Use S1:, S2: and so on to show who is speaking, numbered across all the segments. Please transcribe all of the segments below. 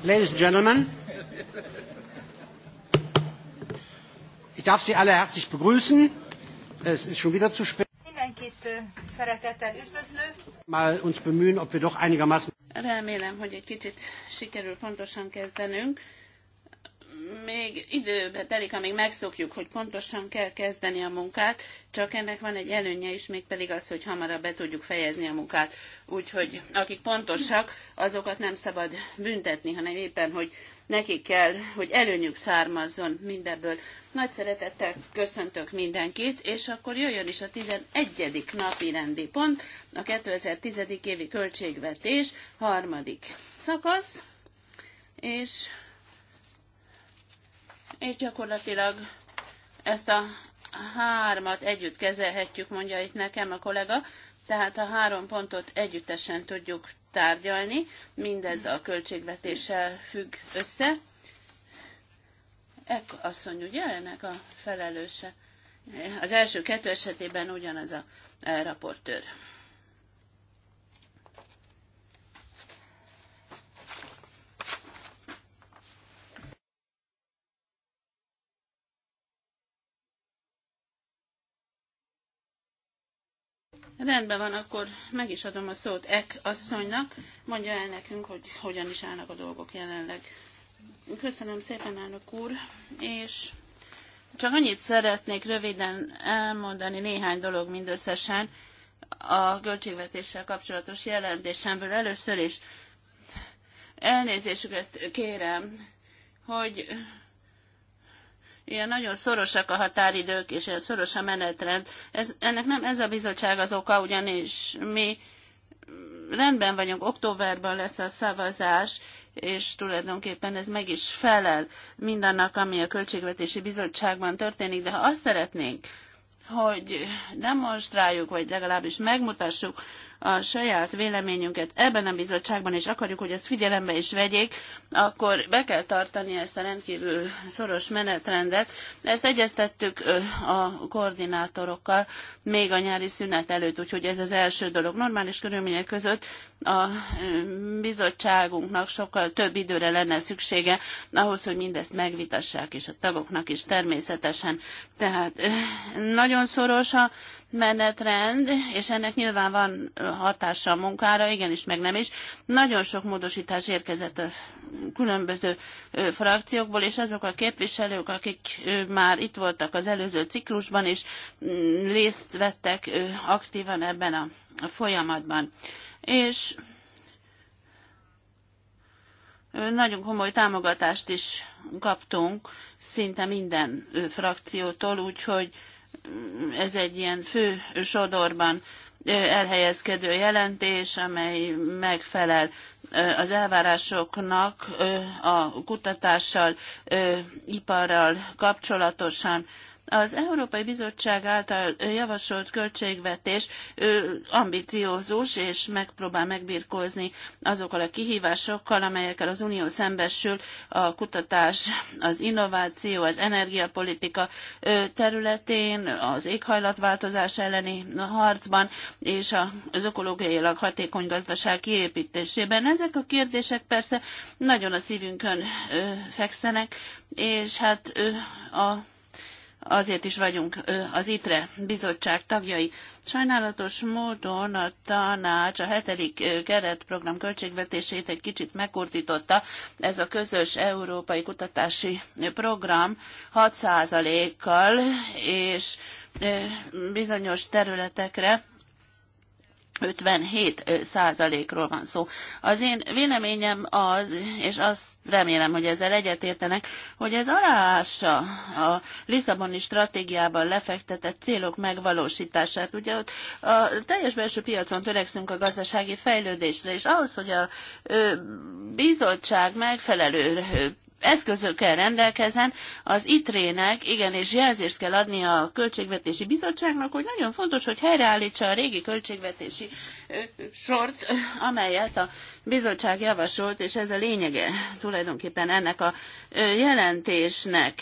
S1: Ladies and Gentlemen, ich darf Sie alle herzlich begrüßen. Es ist schon wieder zu spät. Mal uns bemühen, ob wir doch einigermaßen...
S2: Remélem, hogy egy kicsit sikerül pontosan kezdenünk. Még időbe telik, amíg megszokjuk, hogy pontosan kell kezdeni a munkát, csak ennek van egy előnye is, mégpedig az, hogy hamarabb be tudjuk fejezni a munkát úgyhogy akik pontosak, azokat nem szabad büntetni, hanem éppen, hogy nekik kell, hogy előnyük származzon mindebből. Nagy szeretettel köszöntök mindenkit, és akkor jöjjön is a 11. napi rendi pont, a 2010. évi költségvetés harmadik szakasz, és, és gyakorlatilag ezt a hármat együtt kezelhetjük, mondja itt nekem a kollega, tehát a három pontot együttesen tudjuk tárgyalni, mindez a költségvetéssel függ össze. Ek asszony, ugye ennek a felelőse? Az első kettő esetében ugyanaz a eh, raportőr. Rendben van, akkor meg is adom a szót Ek asszonynak. Mondja el nekünk, hogy hogyan is állnak a dolgok jelenleg. Köszönöm szépen, elnök úr, és csak annyit szeretnék röviden elmondani néhány dolog mindösszesen a költségvetéssel kapcsolatos jelentésemből először is. Elnézésüket kérem, hogy ilyen nagyon szorosak a határidők, és ilyen szoros a menetrend. Ez, ennek nem ez a bizottság az oka, ugyanis mi rendben vagyunk, októberben lesz a szavazás, és tulajdonképpen ez meg is felel mindannak, ami a Költségvetési Bizottságban történik, de ha azt szeretnénk, hogy demonstráljuk, vagy legalábbis megmutassuk, a saját véleményünket ebben a bizottságban, és akarjuk, hogy ezt figyelembe is vegyék, akkor be kell tartani ezt a rendkívül szoros menetrendet. Ezt egyeztettük a koordinátorokkal még a nyári szünet előtt, úgyhogy ez az első dolog. Normális körülmények között a bizottságunknak sokkal több időre lenne szüksége ahhoz, hogy mindezt megvitassák, és a tagoknak is természetesen. Tehát nagyon szoros a menetrend, és ennek nyilván van hatása a munkára, igenis, meg nem is. Nagyon sok módosítás érkezett a különböző frakciókból, és azok a képviselők, akik már itt voltak az előző ciklusban, és mm, részt vettek aktívan ebben a folyamatban. És nagyon komoly támogatást is kaptunk szinte minden frakciótól, úgyhogy ez egy ilyen fő sodorban elhelyezkedő jelentés, amely megfelel az elvárásoknak a kutatással, iparral kapcsolatosan az Európai Bizottság által javasolt költségvetés ambiciózus, és megpróbál megbirkózni azokkal a kihívásokkal, amelyekkel az Unió szembesül a kutatás, az innováció, az energiapolitika területén, az éghajlatváltozás elleni harcban és az ökológiailag hatékony gazdaság kiépítésében. Ezek a kérdések persze nagyon a szívünkön fekszenek, és hát a azért is vagyunk az ITRE bizottság tagjai. Sajnálatos módon a tanács a hetedik keretprogram költségvetését egy kicsit megkurtította. Ez a közös európai kutatási program 6%-kal és bizonyos területekre 57 százalékról van szó. Az én véleményem az, és azt remélem, hogy ezzel egyetértenek, hogy ez aláássa a Lisszaboni stratégiában lefektetett célok megvalósítását. Ugye ott a teljes belső piacon törekszünk a gazdasági fejlődésre, és ahhoz, hogy a bizottság megfelelő eszközökkel rendelkezzen, az ITRÉ-nek igenis jelzést kell adni a Költségvetési Bizottságnak, hogy nagyon fontos, hogy helyreállítsa a régi költségvetési sort, amelyet a bizottság javasolt, és ez a lényege tulajdonképpen ennek a jelentésnek.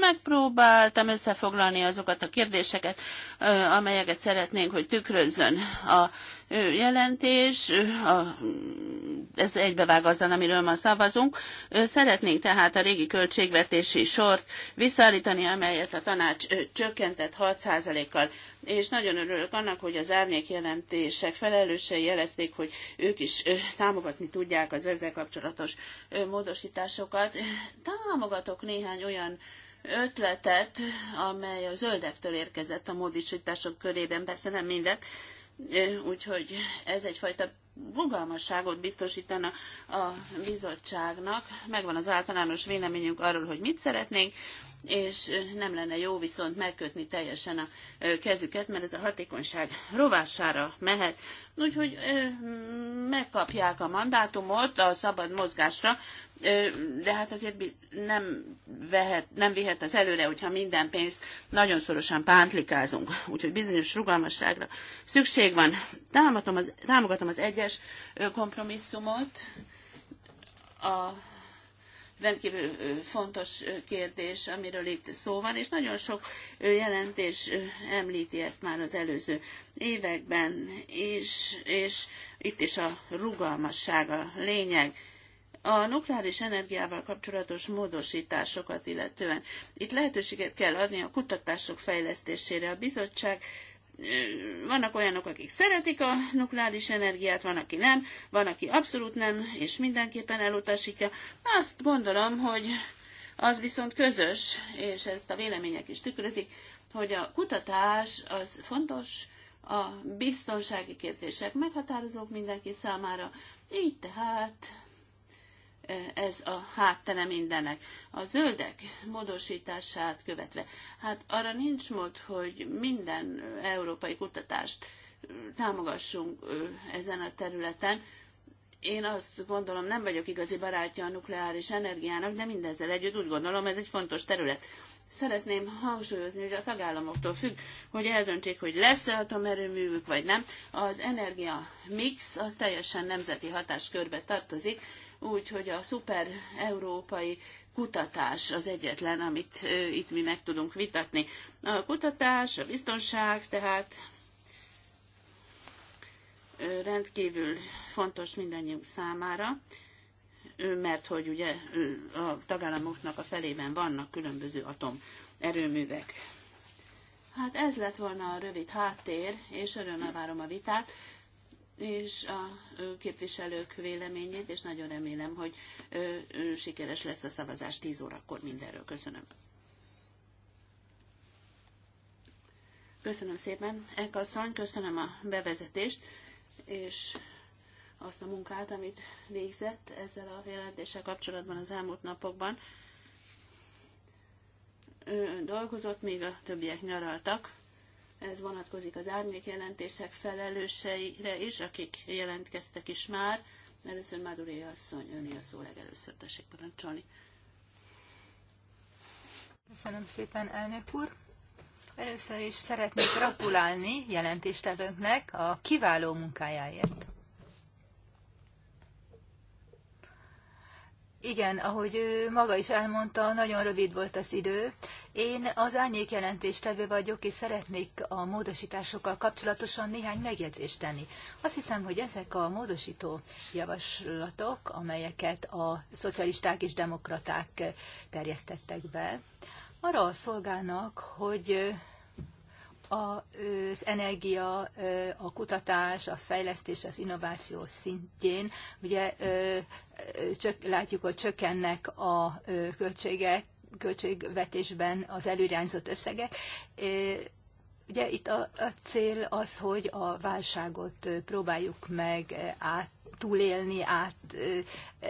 S2: Megpróbáltam összefoglalni azokat a kérdéseket, amelyeket szeretnénk, hogy tükrözzön a jelentés, a, ez egybevág azzal, amiről ma szavazunk. Szeretnénk tehát a régi költségvetési sort visszaállítani, amelyet a tanács csökkentett 6%-kal. És nagyon örülök annak, hogy az árnyék jelentések felelősei jelezték, hogy ők is támogatni tudják az ezzel kapcsolatos módosításokat. Támogatok néhány olyan ötletet, amely a zöldektől érkezett a módosítások körében, persze nem mindet, úgyhogy ez egyfajta rugalmasságot biztosítana a bizottságnak. Megvan az általános véleményünk arról, hogy mit szeretnénk, és nem lenne jó viszont megkötni teljesen a kezüket, mert ez a hatékonyság rovására mehet. Úgyhogy megkapják a mandátumot a szabad mozgásra, de hát azért nem, vehet, nem vihet az előre, hogyha minden pénzt nagyon szorosan pántlikázunk. Úgyhogy bizonyos rugalmasságra szükség van. Támogatom az, támogatom az egyet teljes kompromisszumot a rendkívül fontos kérdés, amiről itt szó van, és nagyon sok jelentés említi ezt már az előző években, és, és itt is a rugalmasság a lényeg. A nukleáris energiával kapcsolatos módosításokat illetően itt lehetőséget kell adni a kutatások fejlesztésére. A bizottság vannak olyanok, akik szeretik a nukleáris energiát, van, aki nem, van, aki abszolút nem, és mindenképpen elutasítja. Azt gondolom, hogy az viszont közös, és ezt a vélemények is tükrözik, hogy a kutatás az fontos, a biztonsági kérdések meghatározók mindenki számára, így tehát ez a háttere mindennek. A zöldek módosítását követve, hát arra nincs mód, hogy minden európai kutatást támogassunk ezen a területen. Én azt gondolom, nem vagyok igazi barátja a nukleáris energiának, de mindezzel együtt úgy gondolom, ez egy fontos terület. Szeretném hangsúlyozni, hogy a tagállamoktól függ, hogy eldöntsék, hogy lesz-e atomerőművük, vagy nem. Az energia mix az teljesen nemzeti hatáskörbe tartozik, úgy, hogy a szuper európai kutatás az egyetlen, amit itt mi meg tudunk vitatni. A kutatás, a biztonság, tehát rendkívül fontos mindannyiunk számára, mert hogy ugye a tagállamoknak a felében vannak különböző atomerőművek. Hát ez lett volna a rövid háttér, és örömmel várom a vitát és a képviselők véleményét, és nagyon remélem, hogy sikeres lesz a szavazás 10 órakor mindenről. Köszönöm. Köszönöm szépen, Ekasszony, köszönöm a bevezetést, és azt a munkát, amit végzett ezzel a jelentéssel kapcsolatban az elmúlt napokban. Ő dolgozott, még a többiek nyaraltak, ez vonatkozik az árnyékjelentések felelőseire is, akik jelentkeztek is már. Először Máduré asszony, öné a szó legelőször, tessék parancsolni.
S3: Köszönöm szépen, elnök úr. Először is szeretnék gratulálni jelentéstevőnknek a kiváló munkájáért. Igen, ahogy ő maga is elmondta, nagyon rövid volt az idő. Én az árnyék jelentéstevő vagyok, és szeretnék a módosításokkal kapcsolatosan néhány megjegyzést tenni. Azt hiszem, hogy ezek a módosító javaslatok, amelyeket a szocialisták és demokraták terjesztettek be, arra szolgálnak, hogy az energia, a kutatás, a fejlesztés, az innováció szintjén, ugye csak, látjuk, hogy csökkennek a költségek, költségvetésben az előirányzott összegek, Ugye itt a, a cél az, hogy a válságot próbáljuk meg át túlélni, át,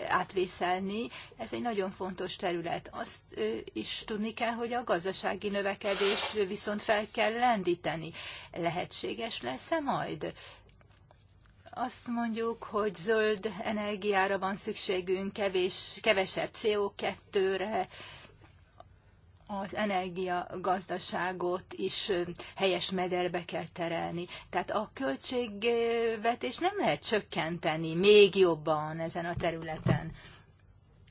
S3: átvészelni. Ez egy nagyon fontos terület. Azt is tudni kell, hogy a gazdasági növekedést viszont fel kell lendíteni. Lehetséges lesz-e majd? Azt mondjuk, hogy zöld energiára van szükségünk, kevés, kevesebb CO2-re, az energiagazdaságot is helyes mederbe kell terelni. Tehát a költségvetés nem lehet csökkenteni még jobban ezen a területen.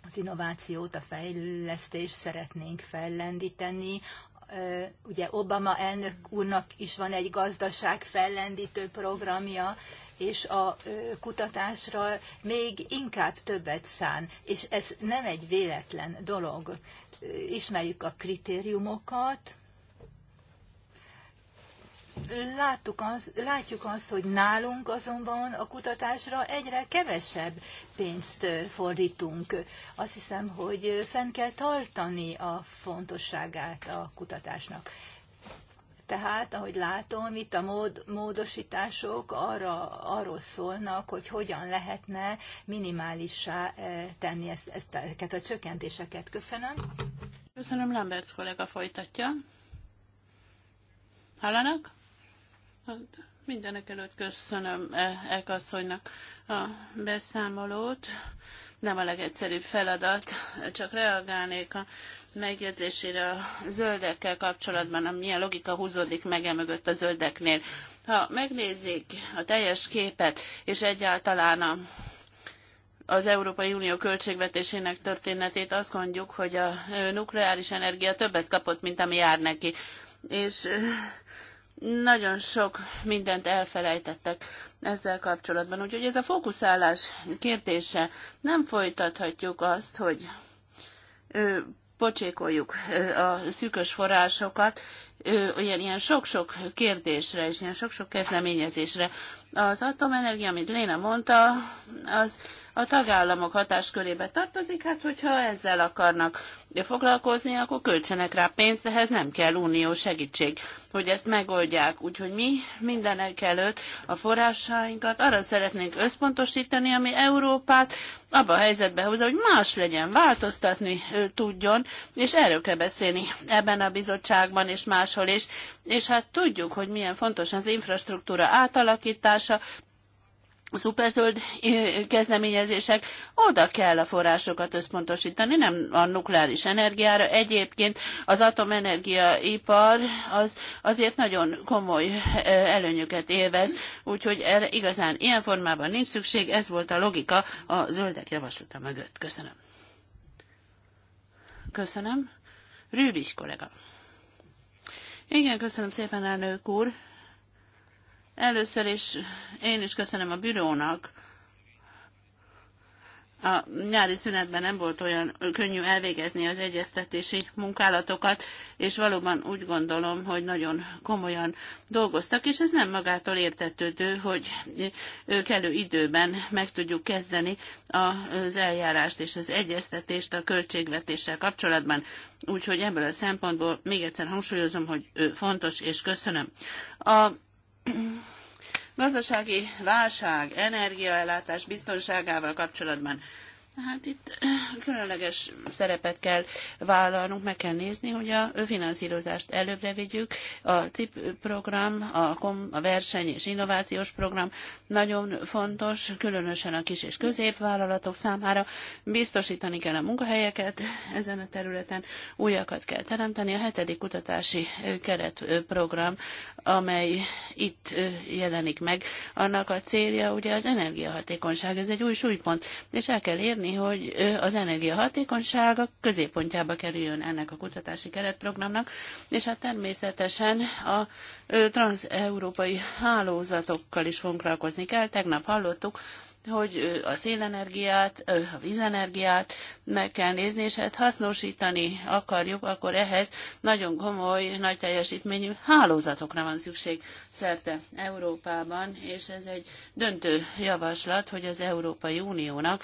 S3: Az innovációt, a fejlesztést szeretnénk fellendíteni. Ugye Obama elnök úrnak is van egy gazdaság fellendítő programja, és a kutatásra még inkább többet szán, és ez nem egy véletlen dolog. Ismerjük a kritériumokat, láttuk az, látjuk azt, hogy nálunk azonban a kutatásra egyre kevesebb pénzt fordítunk. Azt hiszem, hogy fenn kell tartani a fontosságát a kutatásnak. Tehát, ahogy látom, itt a mód, módosítások arra, arról szólnak, hogy hogyan lehetne minimálissá eh, tenni ezt, ezt, ezeket a csökkentéseket. Köszönöm.
S2: Köszönöm, Lamberts kollega folytatja. Hallanak? Hát, mindenek előtt köszönöm Elkasszonynak eh, a beszámolót. Nem a legegyszerűbb feladat, csak reagálnék a megjegyzésére a zöldekkel kapcsolatban, milyen logika húzódik meg e mögött a zöldeknél. Ha megnézik a teljes képet, és egyáltalán a az Európai Unió költségvetésének történetét, azt mondjuk, hogy a nukleáris energia többet kapott, mint ami jár neki. És nagyon sok mindent elfelejtettek ezzel kapcsolatban. Úgyhogy ez a fókuszálás kérdése. Nem folytathatjuk azt, hogy pocsékoljuk a szűkös forrásokat, olyan ilyen sok-sok kérdésre és ilyen sok-sok kezdeményezésre. Az atomenergia, amit Léna mondta, az a tagállamok hatáskörébe tartozik, hát hogyha ezzel akarnak foglalkozni, akkor költsenek rá pénzt, ehhez nem kell unió segítség, hogy ezt megoldják. Úgyhogy mi mindenek előtt a forrásainkat arra szeretnénk összpontosítani, ami Európát abba a helyzetbe hozza, hogy más legyen, változtatni ő tudjon, és erről kell beszélni ebben a bizottságban és máshol is. És hát tudjuk, hogy milyen fontos az infrastruktúra átalakítása, szuperzöld kezdeményezések, oda kell a forrásokat összpontosítani, nem a nukleáris energiára. Egyébként az atomenergiaipar az azért nagyon komoly előnyöket élvez, úgyhogy erre igazán ilyen formában nincs szükség, ez volt a logika a zöldek javaslata mögött. Köszönöm. Köszönöm. Rűbis kollega. Igen, köszönöm szépen, elnök úr. Először is én is köszönöm a bürónak. A nyári szünetben nem volt olyan könnyű elvégezni az egyeztetési munkálatokat, és valóban úgy gondolom, hogy nagyon komolyan dolgoztak, és ez nem magától értetődő, hogy kellő időben meg tudjuk kezdeni az eljárást és az egyeztetést a költségvetéssel kapcsolatban. Úgyhogy ebből a szempontból még egyszer hangsúlyozom, hogy fontos, és köszönöm. A gazdasági válság, energiaellátás biztonságával kapcsolatban Hát itt eh, különleges szerepet kell vállalnunk, meg kell nézni, hogy a finanszírozást előbbre vigyük. A CIP program, a, kom, a verseny és innovációs program nagyon fontos, különösen a kis és középvállalatok számára. Biztosítani kell a munkahelyeket ezen a területen, újakat kell teremteni. A hetedik kutatási eh, keretprogram, eh, amely itt jelenik meg, annak a célja ugye az energiahatékonyság, ez egy új súlypont, és el kell érni szeretné, hogy az energiahatékonyság a középpontjába kerüljön ennek a kutatási keretprogramnak, és hát természetesen a transeurópai hálózatokkal is foglalkozni kell. Tegnap hallottuk, hogy a szélenergiát, a vízenergiát meg kell nézni, és ezt hasznosítani akarjuk, akkor ehhez nagyon komoly, nagy teljesítményű hálózatokra van szükség szerte Európában, és ez egy döntő javaslat, hogy az Európai Uniónak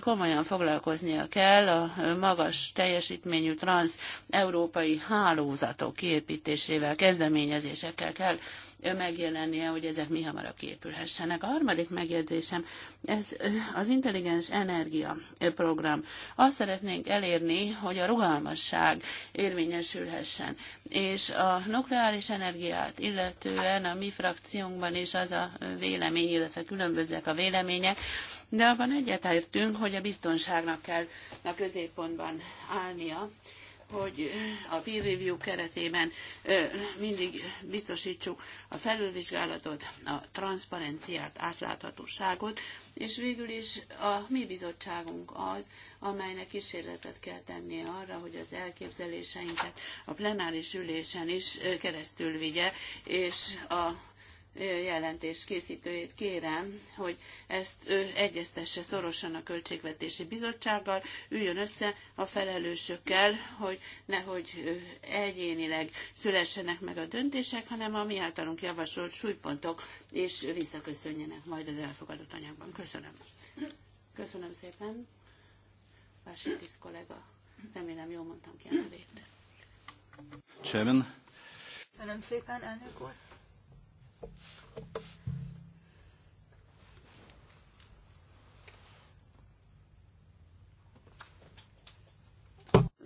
S2: komolyan foglalkoznia kell a magas teljesítményű transz-európai hálózatok kiépítésével, kezdeményezésekkel kell megjelennie, hogy ezek mi hamarabb képülhessenek. A harmadik megjegyzésem, ez az intelligens energia program. Azt szeretnénk elérni, hogy a rugalmasság érvényesülhessen. És a nukleáris energiát illetően a mi frakciónkban is az a vélemény, illetve különbözőek a vélemények, de abban egyetértünk, hogy a biztonságnak kell a középpontban állnia, hogy a peer review keretében mindig biztosítsuk a felülvizsgálatot, a transzparenciát, átláthatóságot, és végül is a mi bizottságunk az, amelynek kísérletet kell tennie arra, hogy az elképzeléseinket a plenáris ülésen is keresztül vigye, és a jelentés készítőjét kérem, hogy ezt egyeztesse szorosan a Költségvetési Bizottsággal, üljön össze a felelősökkel, hogy nehogy egyénileg szülessenek meg a döntések, hanem a mi általunk javasolt súlypontok, és visszaköszönjenek majd az elfogadott anyagban. Köszönöm. Köszönöm szépen. Vásítis kollega, remélem jól mondtam ki a nevét. Chairman. Köszönöm szépen, elnök úr.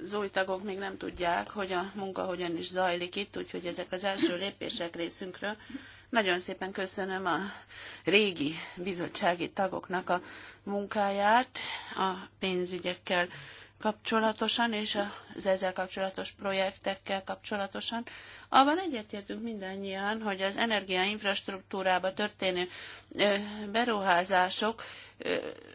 S2: Az új tagok még nem tudják, hogy a munka hogyan is zajlik itt, úgyhogy ezek az első lépések részünkről. Nagyon szépen köszönöm a régi bizottsági tagoknak a munkáját a pénzügyekkel kapcsolatosan, és az ezzel kapcsolatos projektekkel kapcsolatosan. Abban egyetértünk mindannyian, hogy az energiainfrastruktúrába történő beruházások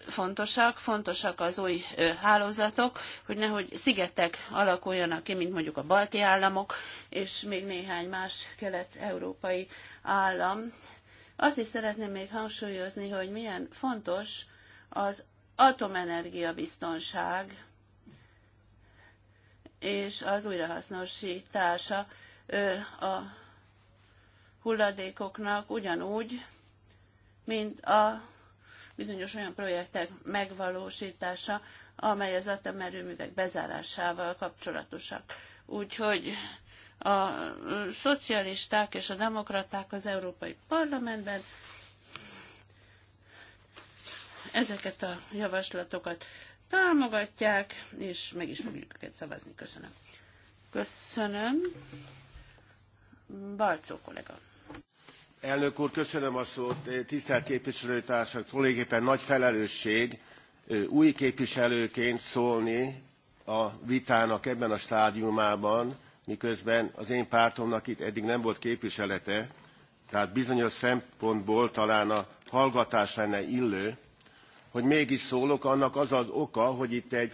S2: fontosak, fontosak az új hálózatok, hogy nehogy szigetek alakuljanak ki, mint mondjuk a balti államok, és még néhány más kelet-európai állam. Azt is szeretném még hangsúlyozni, hogy milyen fontos az atomenergia biztonság, és az újrahasznosítása a hulladékoknak ugyanúgy, mint a bizonyos olyan projektek megvalósítása, amely az atomerőművek bezárásával kapcsolatosak. Úgyhogy a szocialisták és a demokraták az Európai Parlamentben ezeket a javaslatokat támogatják, és meg is fogjuk őket szavazni. Köszönöm. Köszönöm. Balcó kollega.
S4: Elnök úr, köszönöm a szót. Tisztelt képviselőtársak, tulajdonképpen nagy felelősség új képviselőként szólni a vitának ebben a stádiumában, miközben az én pártomnak itt eddig nem volt képviselete, tehát bizonyos szempontból talán a hallgatás lenne illő, hogy mégis szólok, annak az az oka, hogy itt egy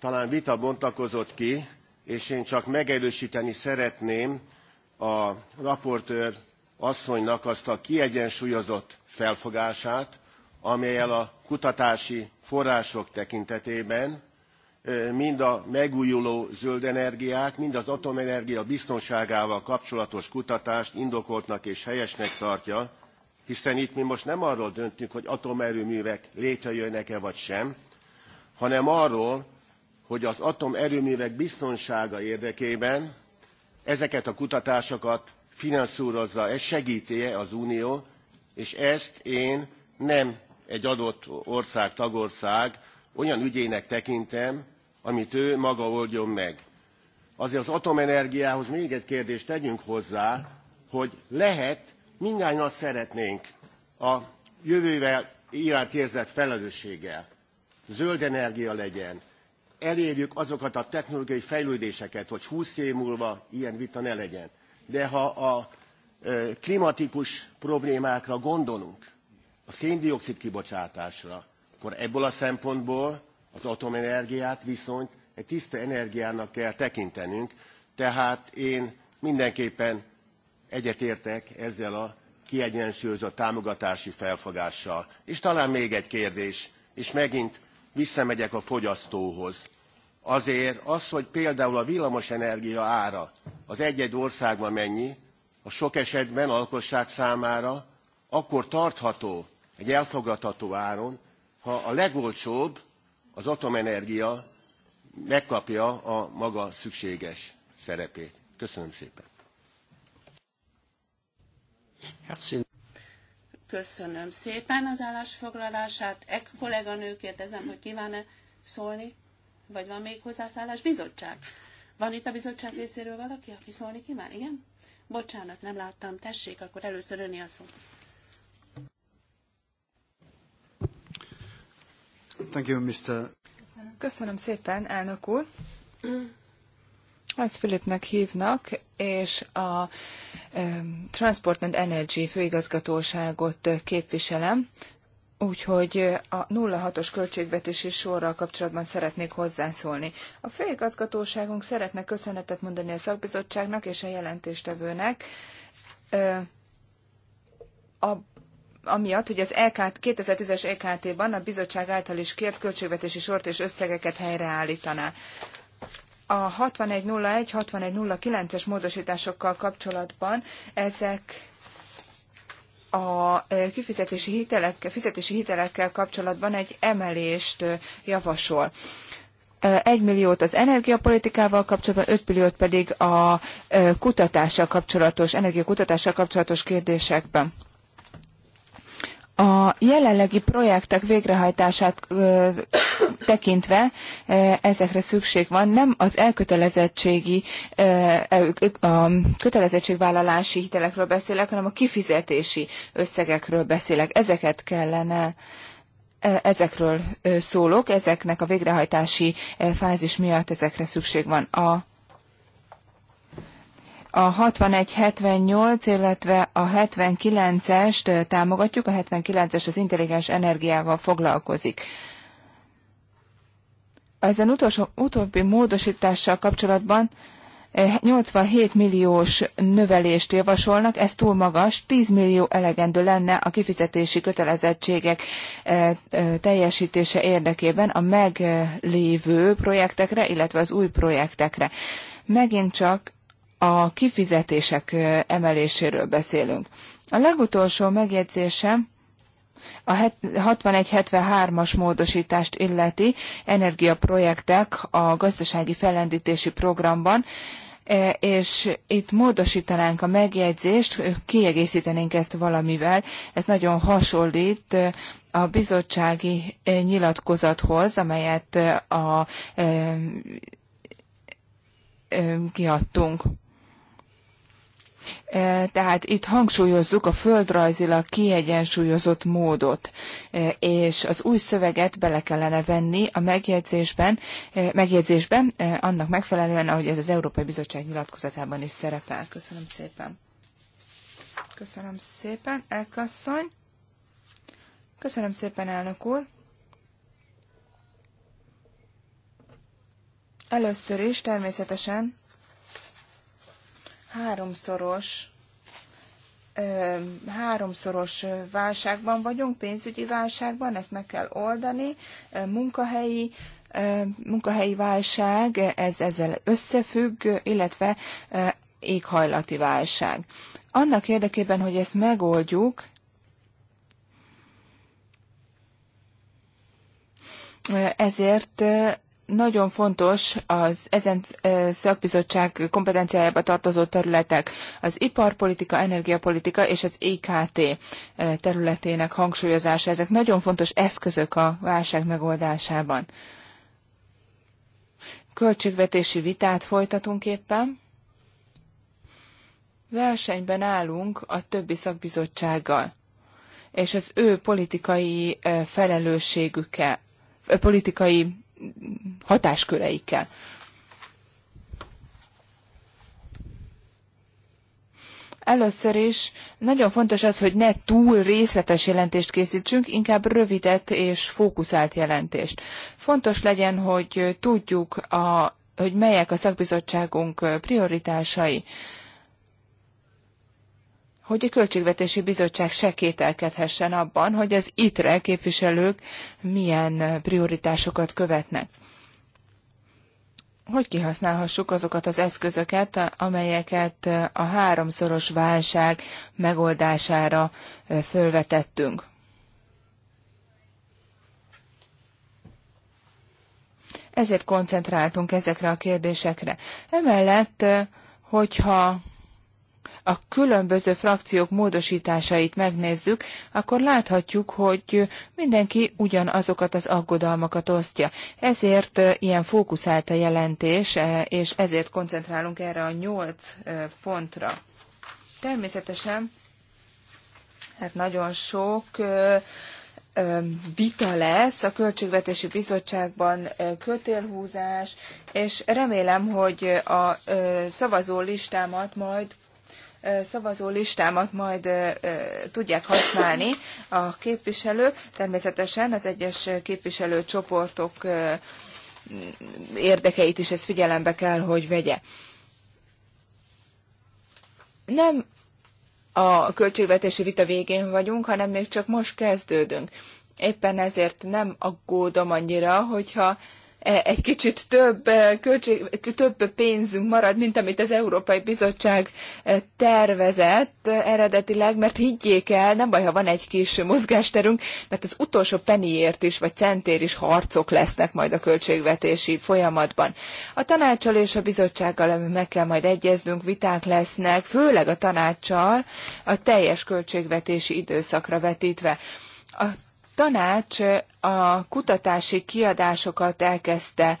S4: talán vita bontakozott ki, és én csak megerősíteni szeretném a raportőr asszonynak azt a kiegyensúlyozott felfogását, amelyel a kutatási források tekintetében mind a megújuló zöld energiát, mind az atomenergia biztonságával kapcsolatos kutatást indokoltnak és helyesnek tartja, hiszen itt mi most nem arról döntünk, hogy atomerőművek létrejönnek-e vagy sem, hanem arról, hogy az atomerőművek biztonsága érdekében ezeket a kutatásokat finanszírozza, ez segíti -e az Unió, és ezt én nem egy adott ország, tagország olyan ügyének tekintem, amit ő maga oldjon meg. Azért az atomenergiához még egy kérdést tegyünk hozzá, hogy lehet azt szeretnénk a jövővel iránt érzett felelősséggel, zöld energia legyen, elérjük azokat a technológiai fejlődéseket, hogy 20 év múlva ilyen vita ne legyen. De ha a klimatikus problémákra gondolunk, a széndiokszid kibocsátásra, akkor ebből a szempontból az atomenergiát viszont egy tiszta energiának kell tekintenünk, tehát én mindenképpen egyetértek ezzel a kiegyensúlyozott támogatási felfogással. és talán még egy kérdés és megint visszamegyek a fogyasztóhoz. Azért az, hogy például a villamosenergia ára az egy-egy országban mennyi, a sok esetben a lakosság számára akkor tartható egy elfogadható áron, ha a legolcsóbb, az atomenergia megkapja a maga szükséges szerepét. Köszönöm szépen.
S2: Köszönöm szépen az állásfoglalását. Ek kolléganőkért ezem hogy kíván-e szólni, vagy van még hozzászállás? Bizottság. Van itt a bizottság részéről valaki, aki szólni kíván? Igen? Bocsánat, nem láttam. Tessék, akkor először öné a szó.
S1: Thank you, Mr.
S5: Köszönöm szépen, elnök úr. ezt Philipnek hívnak, és a Transport and Energy főigazgatóságot képviselem, úgyhogy a 06-os költségvetési sorral kapcsolatban szeretnék hozzászólni. A főigazgatóságunk szeretne köszönetet mondani a szakbizottságnak és a jelentéstevőnek, a, amiatt, hogy az EK, 2010-es EKT-ban a bizottság által is kért költségvetési sort és összegeket helyreállítaná a 6101-6109-es módosításokkal kapcsolatban ezek a e, kifizetési hitelek, fizetési hitelekkel kapcsolatban egy emelést e, javasol. 1 e, milliót az energiapolitikával kapcsolatban, 5 milliót pedig a kutatással kapcsolatos, energiakutatással kapcsolatos kérdésekben. A jelenlegi projektek végrehajtását ö, tekintve ö, ezekre szükség van, nem az elkötelezettségi, ö, ö, a kötelezettségvállalási hitelekről beszélek, hanem a kifizetési összegekről beszélek. Ezeket kellene ezekről szólok, ezeknek a végrehajtási fázis miatt ezekre szükség van. A a 61-78, illetve a 79-est támogatjuk, a 79-es az intelligens energiával foglalkozik. Ezen utolsó, utóbbi módosítással kapcsolatban 87 milliós növelést javasolnak, ez túl magas, 10 millió elegendő lenne a kifizetési kötelezettségek teljesítése érdekében a meglévő projektekre, illetve az új projektekre. Megint csak a kifizetések emeléséről beszélünk. A legutolsó megjegyzésem a 61-73-as módosítást illeti energiaprojektek a gazdasági fellendítési programban, e, és itt módosítanánk a megjegyzést, kiegészítenénk ezt valamivel. Ez nagyon hasonlít a bizottsági nyilatkozathoz, amelyet a, kiadtunk. E, tehát itt hangsúlyozzuk a földrajzilag kiegyensúlyozott módot, e, és az új szöveget bele kellene venni a megjegyzésben, e, megjegyzésben annak megfelelően, ahogy ez az Európai Bizottság nyilatkozatában is szerepel. Köszönöm szépen. Köszönöm szépen, Elkasszony. Köszönöm szépen, elnök úr. Először is természetesen háromszoros háromszoros válságban vagyunk, pénzügyi válságban, ezt meg kell oldani, munkahelyi, munkahelyi válság, ez ezzel összefügg, illetve éghajlati válság. Annak érdekében, hogy ezt megoldjuk, ezért nagyon fontos az ezen szakbizottság kompetenciájába tartozó területek, az iparpolitika, energiapolitika és az IKT e területének hangsúlyozása. Ezek nagyon fontos eszközök a válság megoldásában. Költségvetési vitát folytatunk éppen. Versenyben állunk a többi szakbizottsággal, és az ő politikai felelősségükkel, politikai hatásköreikkel. Először is nagyon fontos az, hogy ne túl részletes jelentést készítsünk, inkább rövidet és fókuszált jelentést. Fontos legyen, hogy tudjuk, a, hogy melyek a szakbizottságunk prioritásai hogy a Költségvetési Bizottság se kételkedhessen abban, hogy az ITRE képviselők milyen prioritásokat követnek. Hogy kihasználhassuk azokat az eszközöket, amelyeket a háromszoros válság megoldására fölvetettünk? Ezért koncentráltunk ezekre a kérdésekre. Emellett, hogyha a különböző frakciók módosításait megnézzük, akkor láthatjuk, hogy mindenki ugyanazokat az aggodalmakat osztja. Ezért ilyen fókuszált a jelentés, és ezért koncentrálunk erre a nyolc pontra. Természetesen, hát nagyon sok vita lesz a Költségvetési Bizottságban kötélhúzás, és remélem, hogy a szavazó listámat majd szavazó listámat majd tudják használni a képviselők. Természetesen az egyes képviselő csoportok érdekeit is ez figyelembe kell, hogy vegye. Nem a költségvetési vita végén vagyunk, hanem még csak most kezdődünk. Éppen ezért nem aggódom annyira, hogyha E, egy kicsit több, e, költség, több pénzünk marad, mint amit az Európai Bizottság e, tervezett eredetileg, mert higgyék el, nem baj, ha van egy kis mozgásterünk, mert az utolsó peniért is, vagy centért is harcok lesznek majd a költségvetési folyamatban. A tanácssal és a bizottsággal meg kell majd egyeznünk, viták lesznek, főleg a tanácsal, a teljes költségvetési időszakra vetítve. A tanács a kutatási kiadásokat elkezdte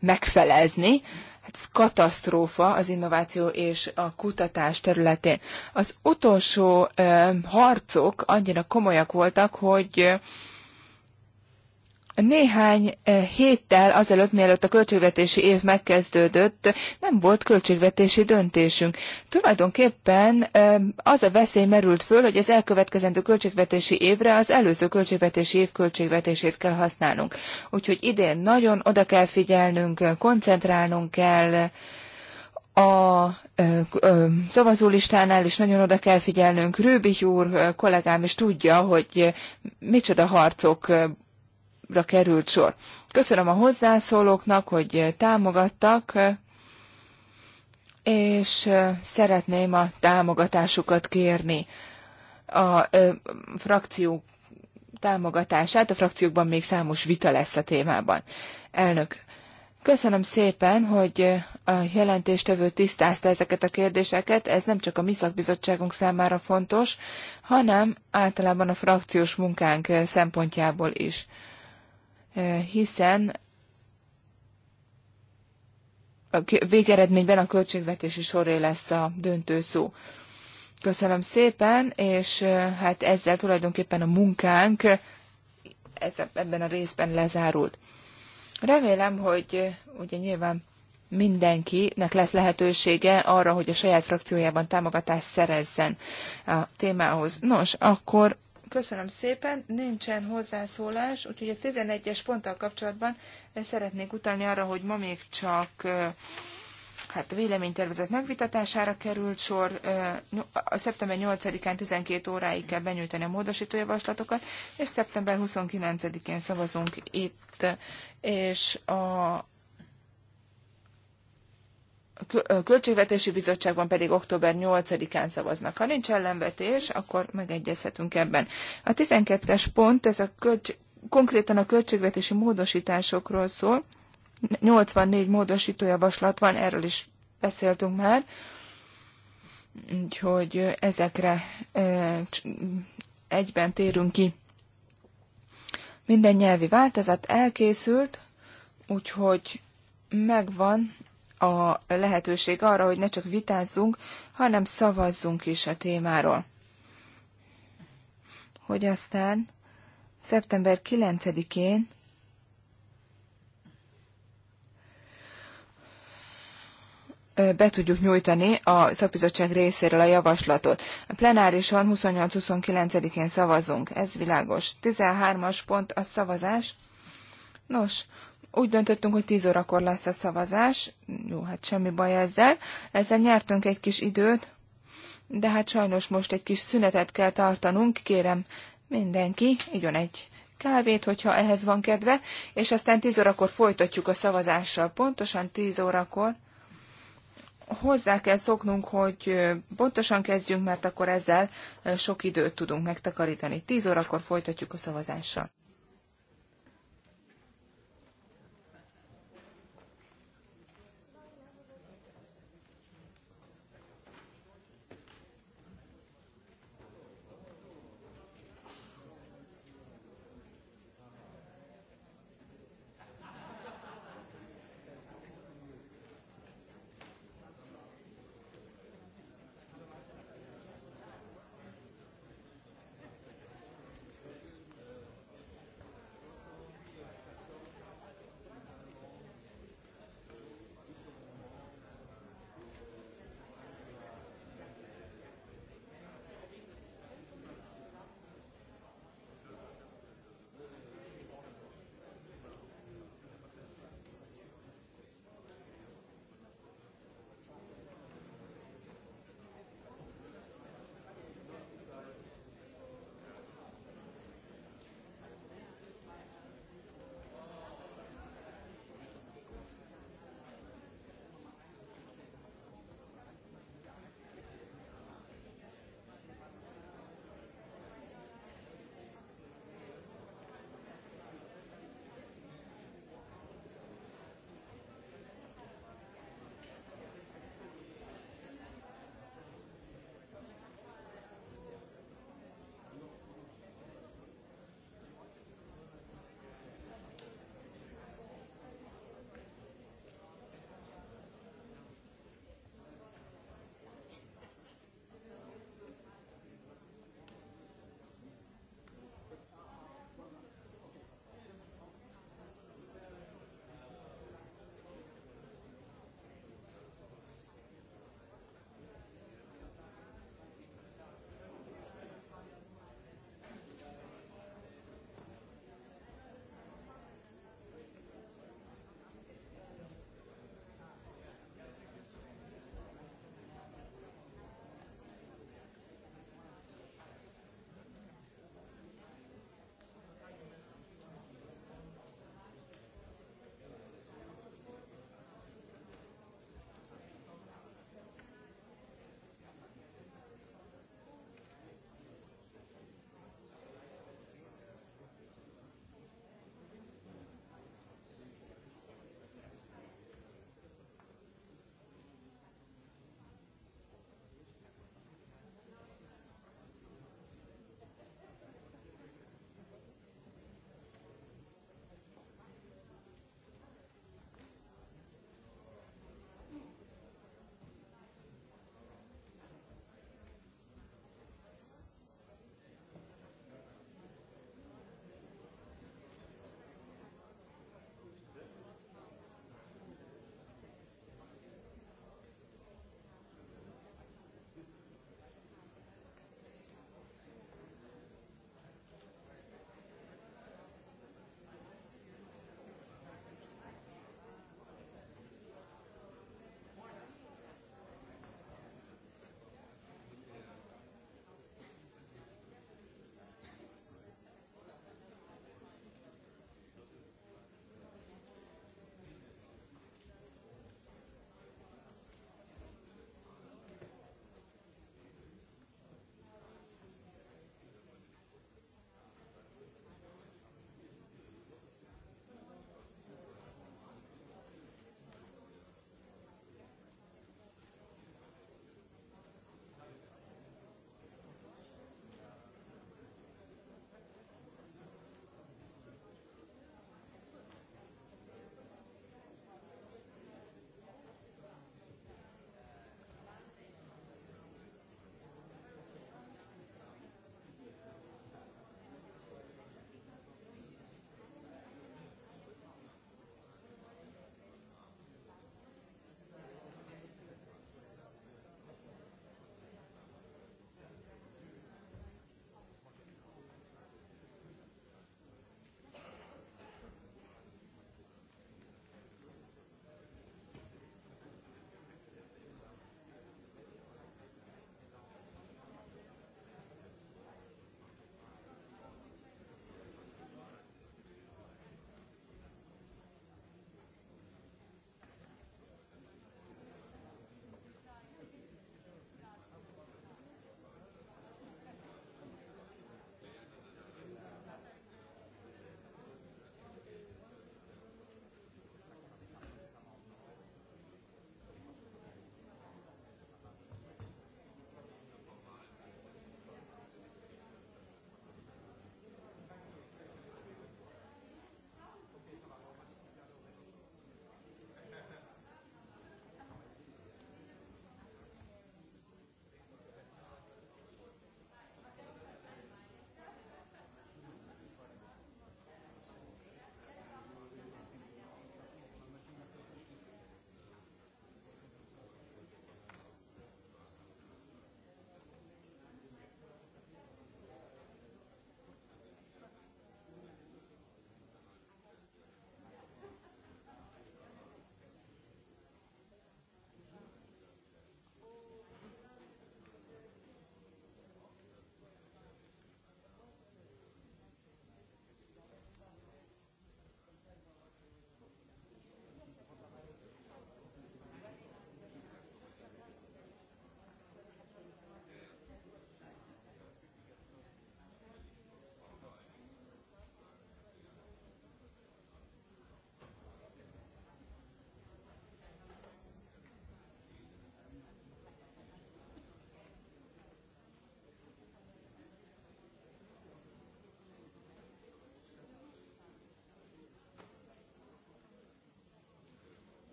S5: megfelezni, ez katasztrófa az innováció és a kutatás területén. Az utolsó harcok annyira komolyak voltak, hogy néhány eh, héttel azelőtt, mielőtt a költségvetési év megkezdődött, nem volt költségvetési döntésünk. Tulajdonképpen eh, az a veszély merült föl, hogy az elkövetkezendő költségvetési évre az előző költségvetési év költségvetését kell használnunk. Úgyhogy idén nagyon oda kell figyelnünk, koncentrálnunk kell, a eh, szavazólistánál is nagyon oda kell figyelnünk. Rőbi úr kollégám is tudja, hogy micsoda harcok került sor. Köszönöm a hozzászólóknak, hogy támogattak, és szeretném a támogatásukat kérni. A frakció támogatását, a frakciókban még számos vita lesz a témában. Elnök, Köszönöm szépen, hogy a jelentéstevő tisztázta ezeket a kérdéseket. Ez nem csak a mi szakbizottságunk számára fontos, hanem általában a frakciós munkánk szempontjából is hiszen a végeredményben a költségvetési soré lesz a döntő szó. Köszönöm szépen, és hát ezzel tulajdonképpen a munkánk ebben a részben lezárult. Remélem, hogy ugye nyilván mindenkinek lesz lehetősége arra, hogy a saját frakciójában támogatást szerezzen a témához. Nos, akkor Köszönöm szépen, nincsen hozzászólás, úgyhogy a 11-es ponttal kapcsolatban szeretnék utalni arra, hogy ma még csak hát a véleménytervezet megvitatására került sor. A szeptember 8-án 12 óráig kell benyújtani a módosítójavaslatokat, és szeptember 29-én szavazunk itt, és a a Költségvetési Bizottságban pedig október 8-án szavaznak. Ha nincs ellenvetés, akkor megegyezhetünk ebben. A 12-es pont, ez a költs- konkrétan a költségvetési módosításokról szól. 84 módosítójavaslat van, erről is beszéltünk már. Úgyhogy ezekre egyben térünk ki. Minden nyelvi változat elkészült, úgyhogy megvan a lehetőség arra, hogy ne csak vitázzunk, hanem szavazzunk is a témáról. Hogy aztán szeptember 9-én be tudjuk nyújtani a szakbizottság részéről a javaslatot. A plenárison 28-29-én szavazunk, ez világos. 13-as pont a szavazás. Nos, úgy döntöttünk, hogy 10 órakor lesz a szavazás. Jó, hát semmi baj ezzel. Ezzel nyertünk egy kis időt, de hát sajnos most egy kis szünetet kell tartanunk. Kérem, mindenki igyon egy kávét, hogyha ehhez van kedve, és aztán 10 órakor folytatjuk a szavazással, pontosan 10 órakor. Hozzá kell szoknunk, hogy pontosan kezdjünk, mert akkor ezzel sok időt tudunk megtakarítani. 10 órakor folytatjuk a szavazással.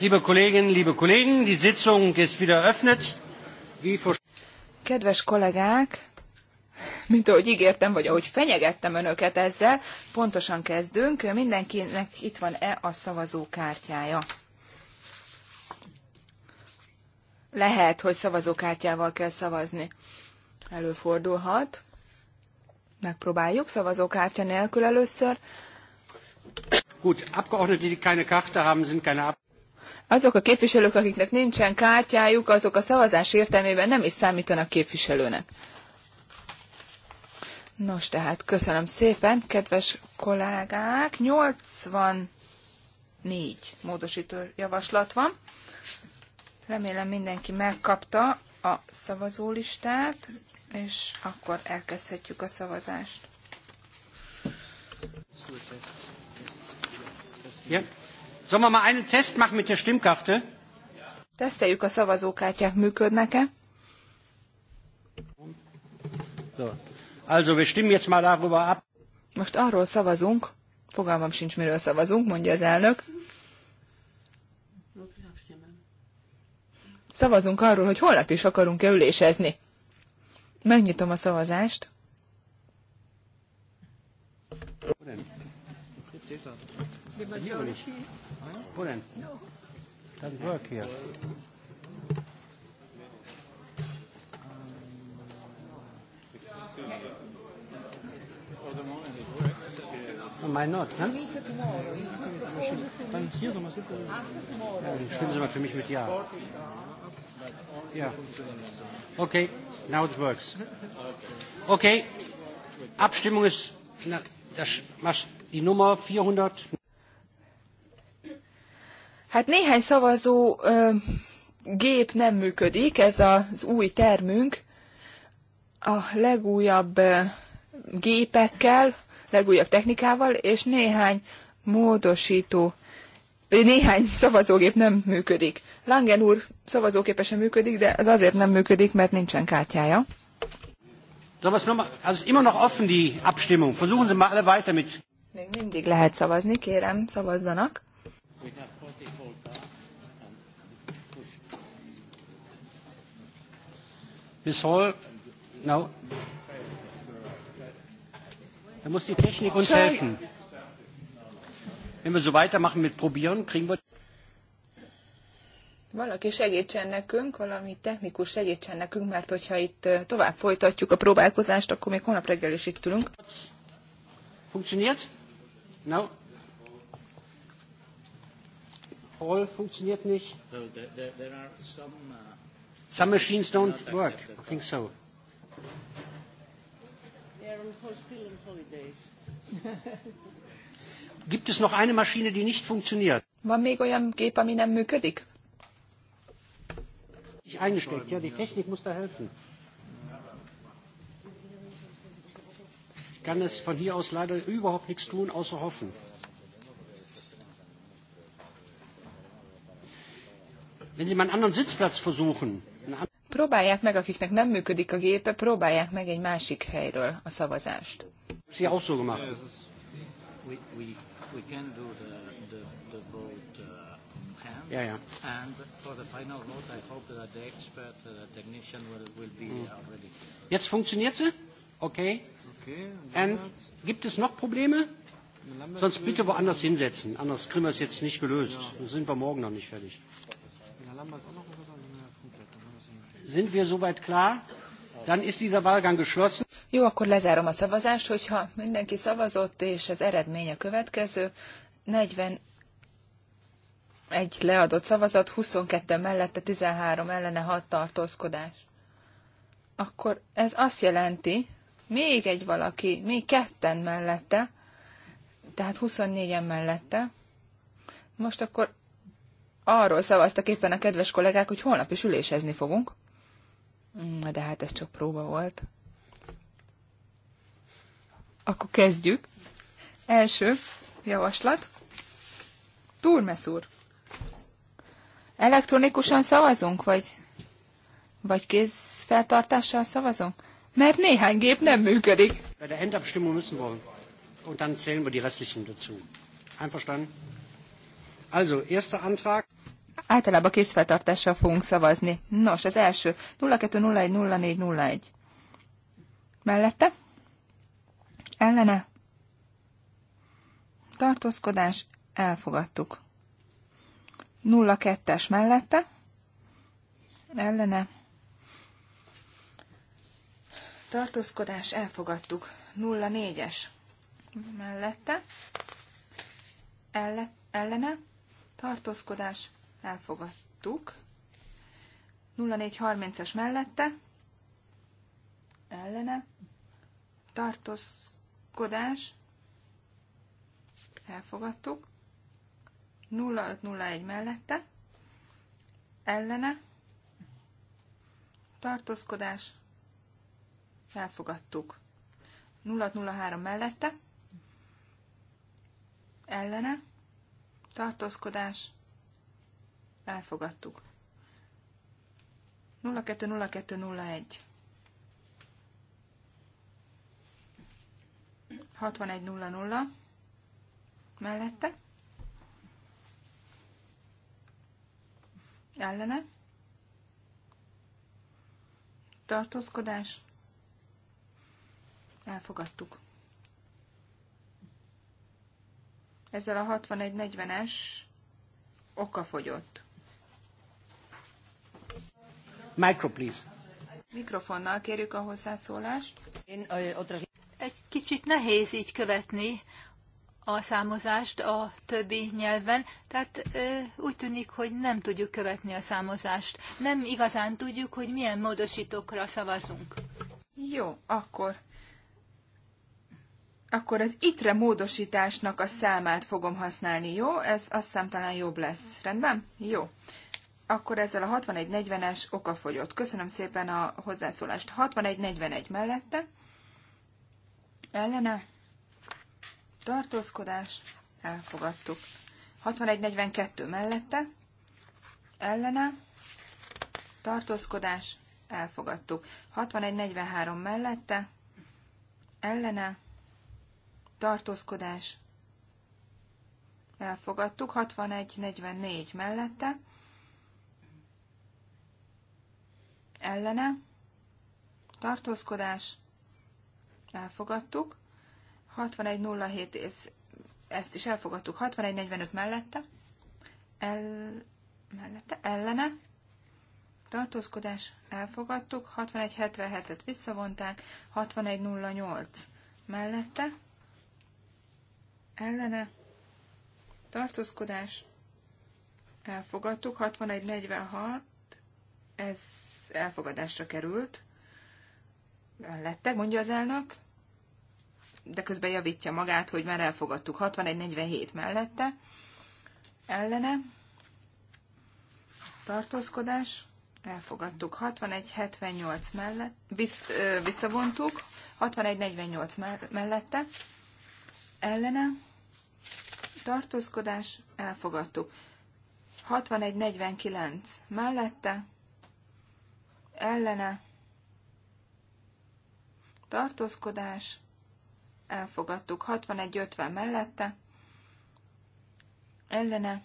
S1: Liebe Kolleginnen, liebe Kollegen, die Sitzung ist wieder eröffnet.
S5: Kedves kollégák, mint ahogy ígértem, vagy ahogy fenyegettem önöket ezzel, pontosan kezdünk. Mindenkinek itt van-e a szavazókártyája? Lehet, hogy szavazókártyával kell szavazni. Előfordulhat. Megpróbáljuk szavazókártya nélkül először.
S1: Gut, Abgeordnete, die keine Karte haben, sind keine Ab
S5: azok a képviselők, akiknek nincsen kártyájuk, azok a szavazás értelmében nem is számítanak képviselőnek. Nos, tehát köszönöm szépen, kedves kollégák, 84 módosító javaslat van. Remélem mindenki megkapta a szavazólistát és akkor elkezdhetjük a szavazást.
S1: Ja. Sollen wir mal einen Test machen mit der Stimmkarte?
S5: Teszteljük a szavazókártyák működnek-e.
S1: So. Also, wir stimmen jetzt mal darüber ab.
S5: Most arról szavazunk, fogalmam sincs, miről szavazunk, mondja az elnök. Szavazunk arról, hogy holnap is akarunk-e ülésezni. Megnyitom a szavazást.
S1: Why not? Ne?
S6: Dann Stimmen Sie mal für mich mit Ja. Ja.
S1: Okay. Now it works. Okay. Abstimmung ist na, das, die Nummer
S5: 400. Hát néhány szavazó ö, gép nem működik, ez az új termünk. A legújabb ö, gépekkel, legújabb technikával, és néhány módosító néhány szavazógép nem működik. Langen úr sem működik, de az azért nem működik, mert nincsen kártyája. Még mindig lehet szavazni, kérem, szavazzanak. Miss Hall, no.
S6: Da muss die Technik uns helfen.
S1: Wenn wir so weitermachen mit probieren, kriegen wir...
S5: Valaki segítsen nekünk, valami technikus segítsen nekünk, mert hogyha itt tovább folytatjuk a próbálkozást, akkor még holnap reggel is itt ülünk. Funktioniert? No? All funktioniert nicht?
S1: there
S6: are some... Uh,
S1: some machines don't work. I think so.
S2: They are still on holidays.
S1: Gibt es noch eine Maschine, die nicht funktioniert?
S5: Van még olyan gép, ami nem működik?
S1: Ich Eingesteckt, ja, die Technik muss da helfen. Ich kann es von hier aus leider überhaupt nichts tun, außer hoffen. Wenn Sie mal einen anderen Sitzplatz versuchen.
S5: Próbálják meg, akiknek nem működik a gépe, próbálják meg egy másik helyről a szavazást. Sie auch so gemacht.
S1: Oui,
S6: we can do the, the, the vote uh, hand. Yeah, yeah. And for the
S1: final vote, I hope that the expert, uh, the technician will, will be mm. already. Jetzt funktioniert sie? Okay. Okay. And gibt es noch Probleme? Sonst bitte woanders hinsetzen. Anders kriegen wir es jetzt nicht gelöst. Dann sind wir morgen noch nicht fertig. Sind wir soweit klar?
S5: Jó, akkor lezárom a szavazást, hogyha mindenki szavazott, és az eredmény a következő. 41 leadott szavazat, 22 mellette, 13 ellene, 6 tartózkodás. Akkor ez azt jelenti, még egy valaki, még ketten mellette, tehát 24-en mellette. Most akkor arról szavaztak éppen a kedves kollégák, hogy holnap is ülésezni fogunk de hát ez csak próba volt. Akkor kezdjük. Első javaslat. Turmes úr. Elektronikusan szavazunk, vagy, vagy kézfeltartással szavazunk? Mert néhány gép nem működik.
S1: Bei der Endabstimmung müssen wir. Und dann zählen wir die restlichen dazu. Einverstanden? Also, erster Antrag.
S5: Általában készfeltartással fogunk szavazni. Nos, az első 02010401. Mellette? Ellene? Tartózkodás, elfogadtuk. 02-es mellette? Ellene? Tartózkodás, elfogadtuk. 04-es mellette? Elle, ellene? Tartózkodás, elfogadtuk. 0430 es mellette, ellene, tartózkodás, elfogadtuk. 0501 mellette, ellene, tartózkodás, elfogadtuk. 0603 mellette, ellene, tartózkodás, Elfogadtuk. 020201. 6100 mellette. Ellene. Tartózkodás. Elfogadtuk. Ezzel a 6140-es oka fogyott.
S1: Micro, please.
S5: Mikrofonnal kérjük a hozzászólást.
S3: Egy kicsit nehéz így követni a számozást a többi nyelven, tehát úgy tűnik, hogy nem tudjuk követni a
S5: számozást.
S3: Nem igazán tudjuk, hogy milyen módosítókra szavazunk.
S5: Jó, akkor akkor az itre módosításnak a számát fogom használni, jó? Ez azt hiszem talán jobb lesz. Rendben? Jó akkor ezzel a 61-40-es okafogyott. Köszönöm szépen a hozzászólást. 61-41 mellette, ellene, tartózkodás, elfogadtuk. 61-42 mellette, ellene, tartózkodás, elfogadtuk. 61-43 mellette, ellene, tartózkodás, elfogadtuk. 61-44 mellette, ellene, tartózkodás, elfogadtuk, 6107 ez ezt is elfogadtuk, 6145 mellette, el, mellette, ellene, tartózkodás, elfogadtuk, 6177-et visszavonták, 6108 mellette, ellene, tartózkodás, elfogadtuk, 6146 ez elfogadásra került. Lette, mondja az elnök, de közben javítja magát, hogy már elfogadtuk. 61-47 mellette. Ellene. Tartózkodás. Elfogadtuk. 61-78 mellett. visz, visszavontuk. 61-48 mellette. Ellene. Tartózkodás. Elfogadtuk. 61-49 mellette ellene, tartózkodás, elfogadtuk 61-50 mellette, ellene,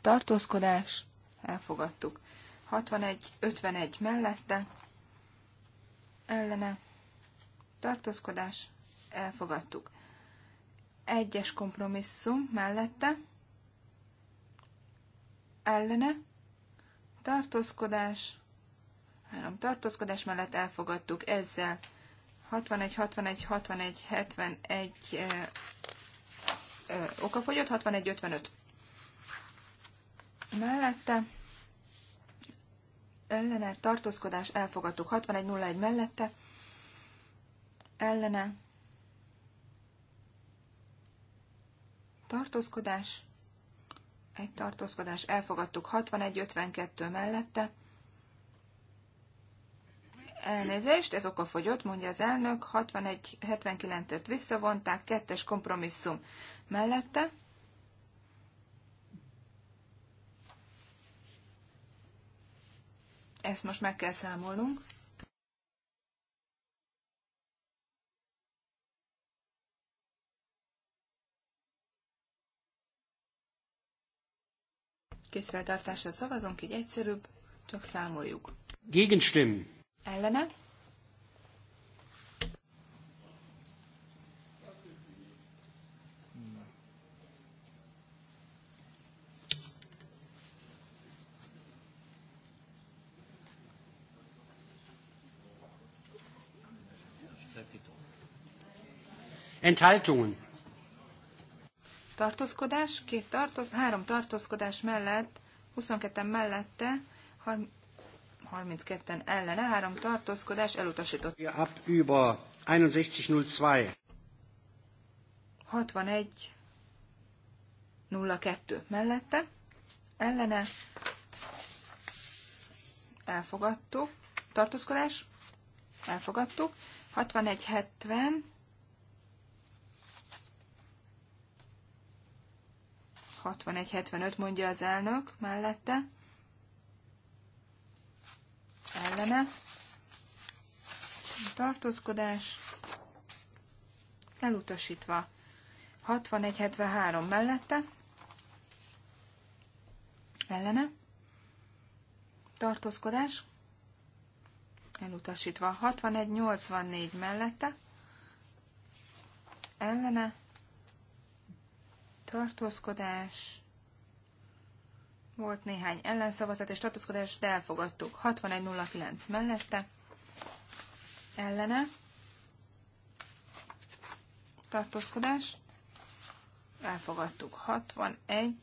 S5: tartózkodás, elfogadtuk 61-51 mellette, ellene, tartózkodás, elfogadtuk. Egyes kompromisszum mellette, ellene, tartózkodás, három tartózkodás mellett elfogadtuk. Ezzel 61, 61, 61, 71 eh, eh, okafogyott, 61, 55 mellette ellene tartózkodás elfogadtuk 61, 01 mellette, ellene tartózkodás, egy tartózkodás elfogadtuk 61, 52 mellette, Elnézést, ez oka fogyott, mondja az elnök, 71 79 et visszavonták, kettes kompromisszum mellette. Ezt most meg kell számolnunk. Készfeltartásra szavazunk, így egyszerűbb, csak számoljuk.
S1: Gegenstimmen ellene. Enthaltungen.
S5: Tartózkodás, két tartoz, három tartózkodás mellett, 22 mellette, 32-en ellene, három tartózkodás elutasított. Ab
S1: 02 61.02.
S5: 61.02 mellette, ellene, elfogadtuk, tartózkodás, elfogadtuk, 61.70, 61.75 mondja az elnök mellette, ellene, tartózkodás, elutasítva. 61-73 mellette, ellene, tartózkodás, elutasítva. 61-84 mellette, ellene, tartózkodás, volt néhány ellenszavazat és tartózkodás, de elfogadtuk. 61.09 mellette, ellene, tartózkodás, elfogadtuk. 61,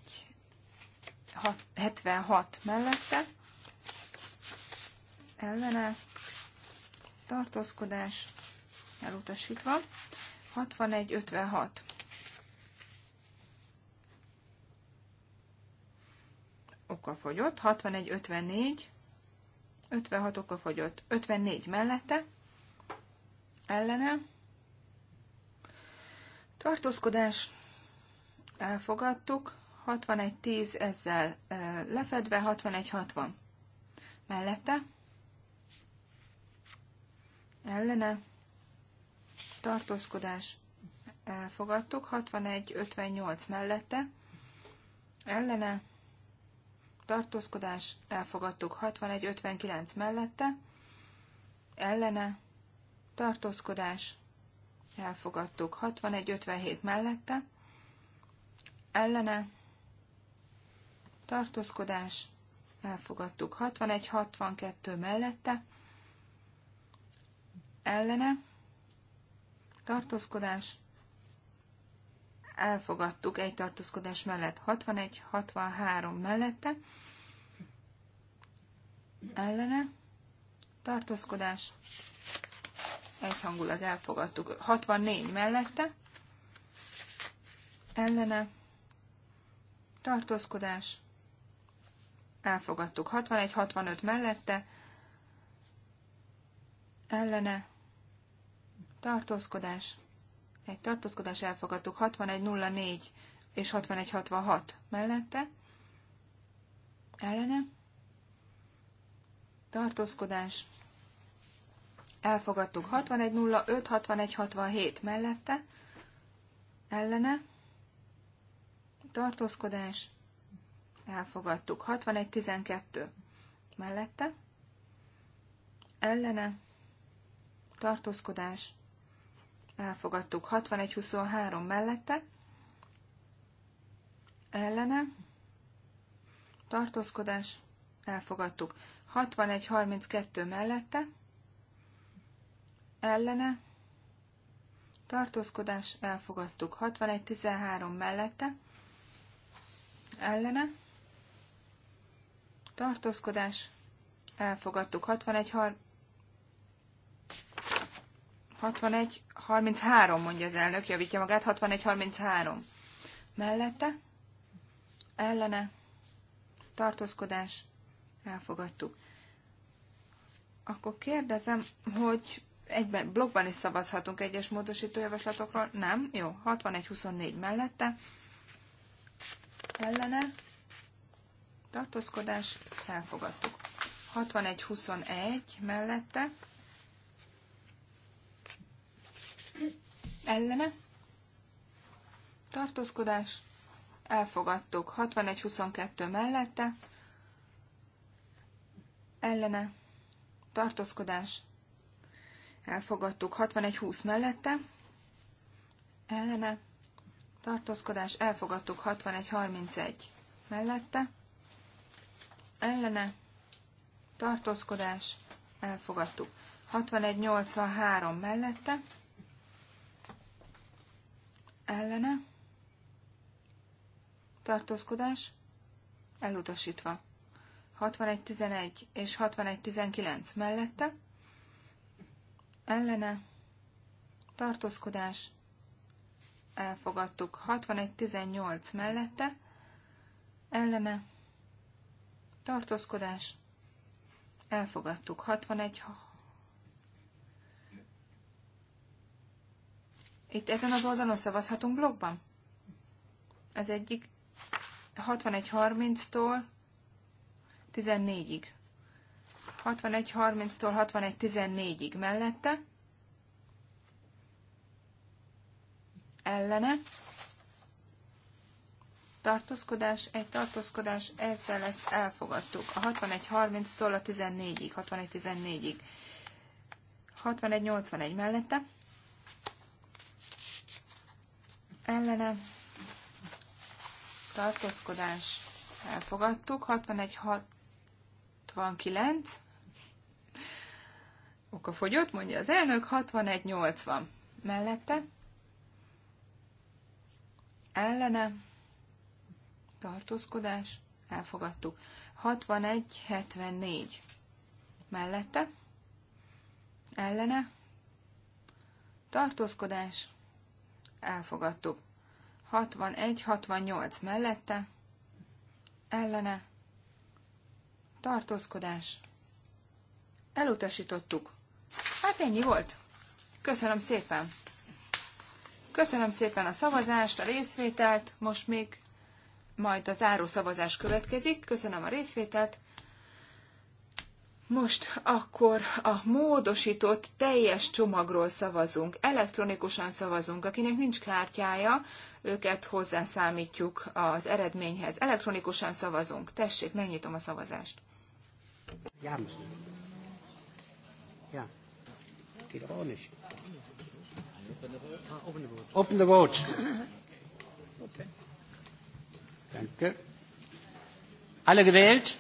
S5: 6, 76 mellette, ellene, tartózkodás, elutasítva. 61.56 oka fogyott, 61, 54, 56 oka fogyott, 54 mellette, ellene, tartózkodás, elfogadtuk, 61, 10 ezzel lefedve, 61, 60 mellette, ellene, tartózkodás, elfogadtuk, 61, 58 mellette, ellene, tartózkodás, elfogadtuk 61-59 mellette, ellene, tartózkodás, elfogadtuk 61-57 mellette, ellene, tartózkodás, elfogadtuk 61-62 mellette, ellene, tartózkodás, elfogadtuk egy tartózkodás mellett 61-63 mellette, ellene, tartózkodás, egyhangulag elfogadtuk 64 mellette, ellene, tartózkodás, elfogadtuk 61-65 mellette, ellene, tartózkodás, egy tartózkodás elfogadtuk 6104 és 6166 mellette, ellene, tartózkodás, elfogadtuk 6105, 6167 mellette, ellene, tartózkodás, elfogadtuk 6112 mellette, ellene, tartózkodás, elfogadtuk 61-23 mellette, ellene, tartózkodás, elfogadtuk 61-32 mellette, ellene, tartózkodás, elfogadtuk 61-13 mellette, ellene, tartózkodás, elfogadtuk 61 61, 33 mondja az elnök, javítja magát, 61, 33. Mellette, ellene, tartózkodás, elfogadtuk. Akkor kérdezem, hogy egyben blogban is szavazhatunk egyes módosító javaslatokról. Nem? Jó, 61-24 mellette. Ellene, tartózkodás, elfogadtuk. 61-21 mellette ellene, tartózkodás, elfogadtuk 61-22 mellette, ellene, tartózkodás, elfogadtuk 61-20 mellette, ellene, tartózkodás, elfogadtuk 61-31 mellette, ellene, tartózkodás, elfogadtuk 61-83 mellette, ellene, tartózkodás, elutasítva. 61.11 és 61.19 mellette, ellene, tartózkodás, elfogadtuk. 61.18 mellette, ellene, tartózkodás, elfogadtuk. Itt ezen az oldalon szavazhatunk blogban? Az egyik 61.30-tól 14-ig. 61.30-tól 61.14-ig mellette. Ellene. Tartózkodás, egy tartózkodás, ezzel ezt elfogadtuk. A 61.30-tól a 14-ig, 61.14-ig. 61.81 mellette ellene tartózkodás elfogadtuk, 61-69, oka fogyott, mondja az elnök, 61-80 mellette, ellene tartózkodás elfogadtuk, 61-74 mellette, ellene tartózkodás elfogadtuk. 61-68 mellette, ellene, tartózkodás, elutasítottuk. Hát ennyi volt. Köszönöm szépen. Köszönöm szépen a szavazást, a részvételt, most még majd az záró szavazás következik. Köszönöm a részvételt. Most akkor a módosított teljes csomagról szavazunk, elektronikusan szavazunk. Akinek nincs kártyája, őket hozzászámítjuk az eredményhez. Elektronikusan szavazunk. Tessék, megnyitom a szavazást.
S1: János. Ja. Open the vote. Okay. Danke. Alle gewählt?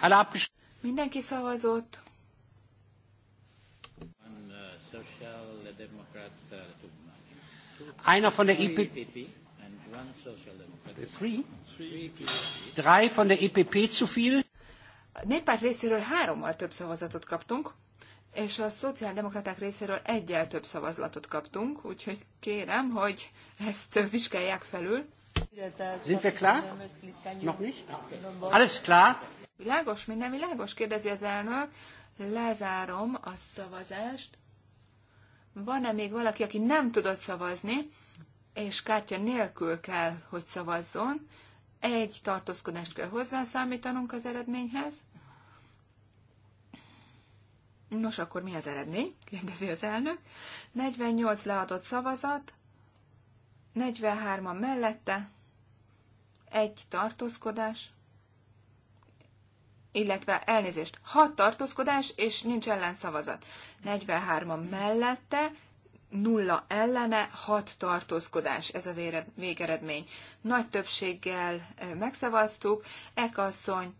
S1: Alle
S5: abgestimmt? Mindenki szavazott. Einer von der
S1: EPP. Three?
S6: Drei von der EPP
S5: zu viel? A néppárt részéről hárommal több szavazatot kaptunk, és a szociáldemokraták részéről egyel több szavazatot kaptunk, úgyhogy kérem, hogy ezt vizsgálják felül. Sind wir klar? Noch nicht? Alles klar? Világos? Minden világos? Kérdezi az elnök. Lezárom a szavazást. Van-e még valaki, aki nem tudott szavazni, és kártya nélkül kell, hogy szavazzon? Egy tartózkodást kell hozzászámítanunk az eredményhez. Nos, akkor mi az eredmény? kérdezi az elnök. 48 leadott szavazat, 43 a mellette, egy tartózkodás, illetve elnézést, 6 tartózkodás és nincs ellenszavazat. 43 mellette, nulla ellene, 6 tartózkodás, ez a végeredmény. Nagy többséggel megszavaztuk, Ekasszony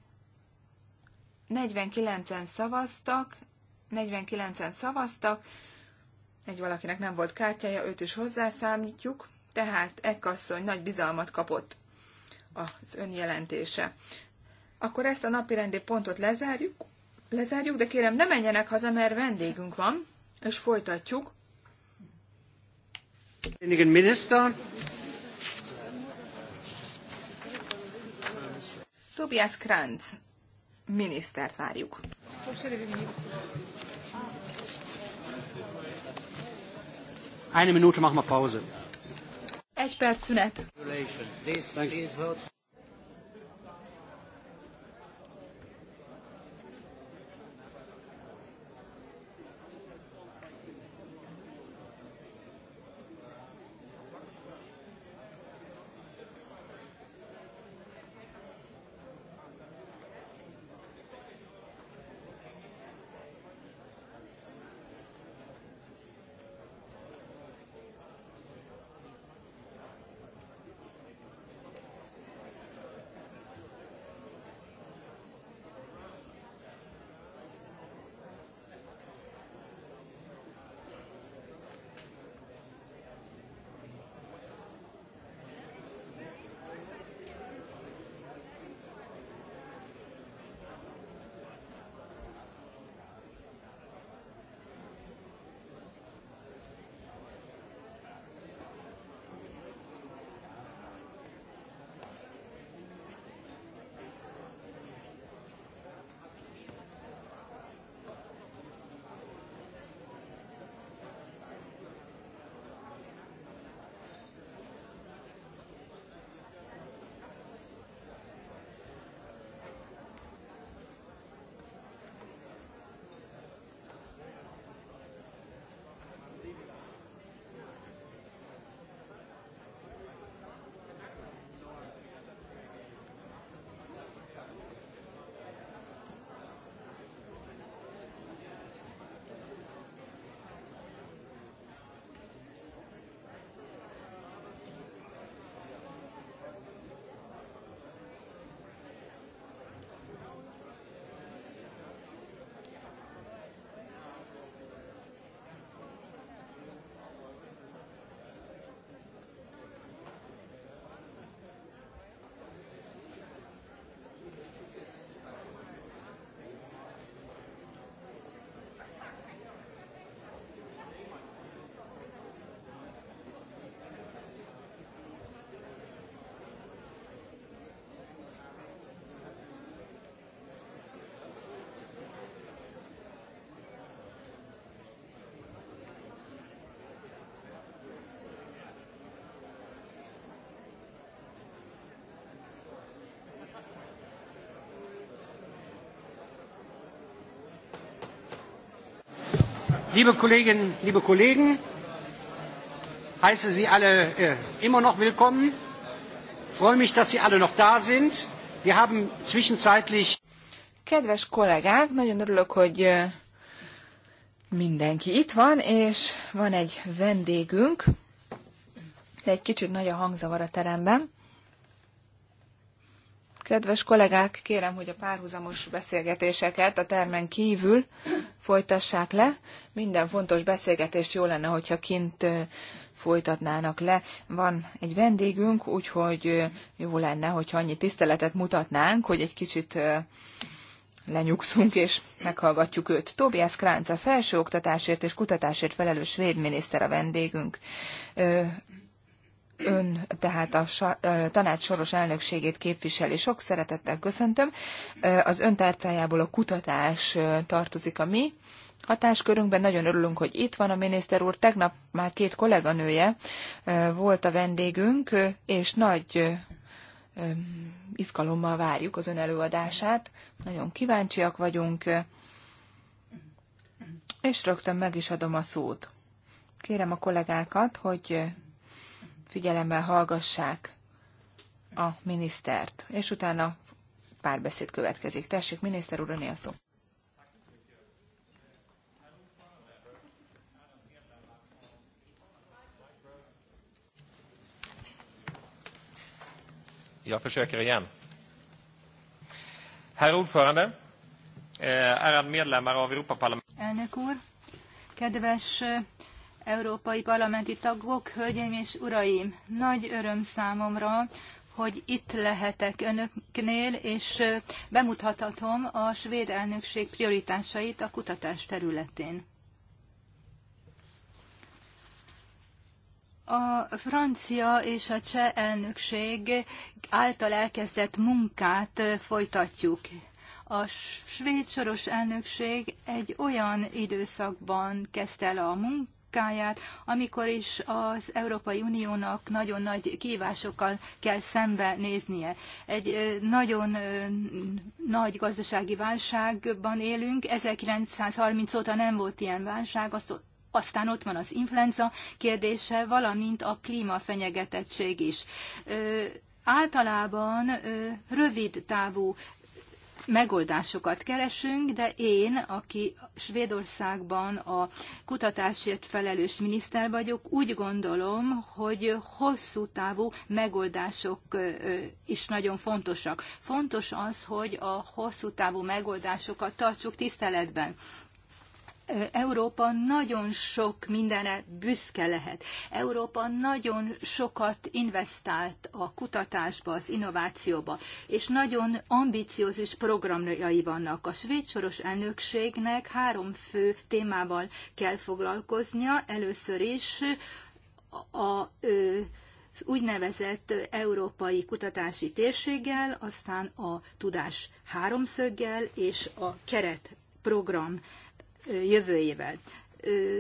S5: 49-en szavaztak, 49-en szavaztak, egy valakinek nem volt kártyája, őt is hozzászámítjuk, tehát Ekasszony nagy bizalmat kapott az önjelentése akkor ezt a napi rendi pontot lezárjuk, lezárjuk, de kérem, ne menjenek haza, mert vendégünk van, és folytatjuk.
S1: Miniszter.
S5: Tobias Kranz minisztert várjuk.
S1: Eine Minute machen wir Pause.
S5: Egy perc szünet.
S1: Liebe Kolleginnen, liebe Kollegen, heiße Sie alle äh, immer noch willkommen.
S5: Ich Freue mich, dass Sie alle noch da sind. Wir haben zwischenzeitlich. Kedves kollégák, nagyon örülök, hogy mindenki itt van, és van egy vendégünk, de egy kicsit nagy a hangzavar a teremben. Kedves kollégák, kérem, hogy a párhuzamos beszélgetéseket a termen kívül folytassák le. Minden fontos beszélgetést jó lenne, hogyha kint folytatnának le. Van egy vendégünk, úgyhogy jó lenne, hogyha annyi tiszteletet mutatnánk, hogy egy kicsit lenyugszunk és meghallgatjuk őt. Tobias Kránc, a felsőoktatásért és kutatásért felelős védminiszter a vendégünk ön tehát a tanács soros elnökségét képviseli. Sok szeretettel köszöntöm. Az ön tárcájából a kutatás tartozik a mi hatáskörünkben. Nagyon örülünk, hogy itt van a miniszter úr. Tegnap már két kolléganője volt a vendégünk, és nagy izgalommal várjuk az ön előadását. Nagyon kíváncsiak vagyunk, és rögtön meg is adom a szót. Kérem a kollégákat, hogy figyelemmel hallgassák a minisztert, és utána párbeszéd következik. Tessék, miniszter úr, a szó.
S1: Jag försöker igen. Herr ordförande, eh, ärad medlemmar av Europaparlamentet.
S3: Elnök úr, kedves eh, európai parlamenti tagok, hölgyeim és uraim! Nagy öröm számomra, hogy itt lehetek önöknél, és bemutathatom a svéd elnökség prioritásait a kutatás területén. A francia és a cseh elnökség által elkezdett munkát folytatjuk. A svéd soros elnökség egy olyan időszakban kezdte el a munkát, munkáját, amikor is az Európai Uniónak nagyon nagy kívásokkal kell szembenéznie. Egy nagyon nagy gazdasági válságban élünk, 1930 óta nem volt ilyen válság, azt aztán ott van az influenza kérdése, valamint a klímafenyegetettség is. Általában rövid távú megoldásokat keresünk, de én, aki Svédországban a kutatásért felelős miniszter vagyok, úgy gondolom, hogy hosszú távú megoldások is nagyon fontosak. Fontos az, hogy a hosszú távú megoldásokat tartsuk tiszteletben. Európa nagyon sok mindenre büszke lehet. Európa nagyon sokat investált a kutatásba, az innovációba, és nagyon ambiciózus programjai vannak. A svéd soros elnökségnek három fő témával kell foglalkoznia. Először is a az úgynevezett európai kutatási térséggel, aztán a tudás háromszöggel és a keretprogram jövőjével.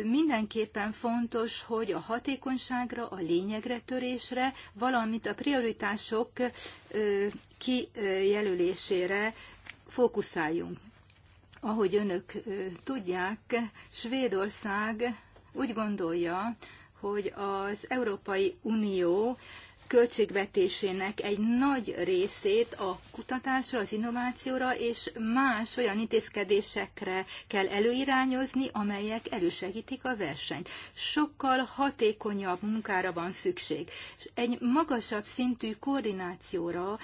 S3: Mindenképpen fontos, hogy a hatékonyságra, a lényegre törésre, valamint a prioritások kijelölésére fókuszáljunk. Ahogy önök tudják, Svédország úgy gondolja, hogy az Európai Unió költségvetésének egy nagy részét a kutatásra, az innovációra és más olyan intézkedésekre kell előirányozni, amelyek elősegítik a versenyt. Sokkal hatékonyabb munkára van szükség. Egy magasabb szintű koordinációra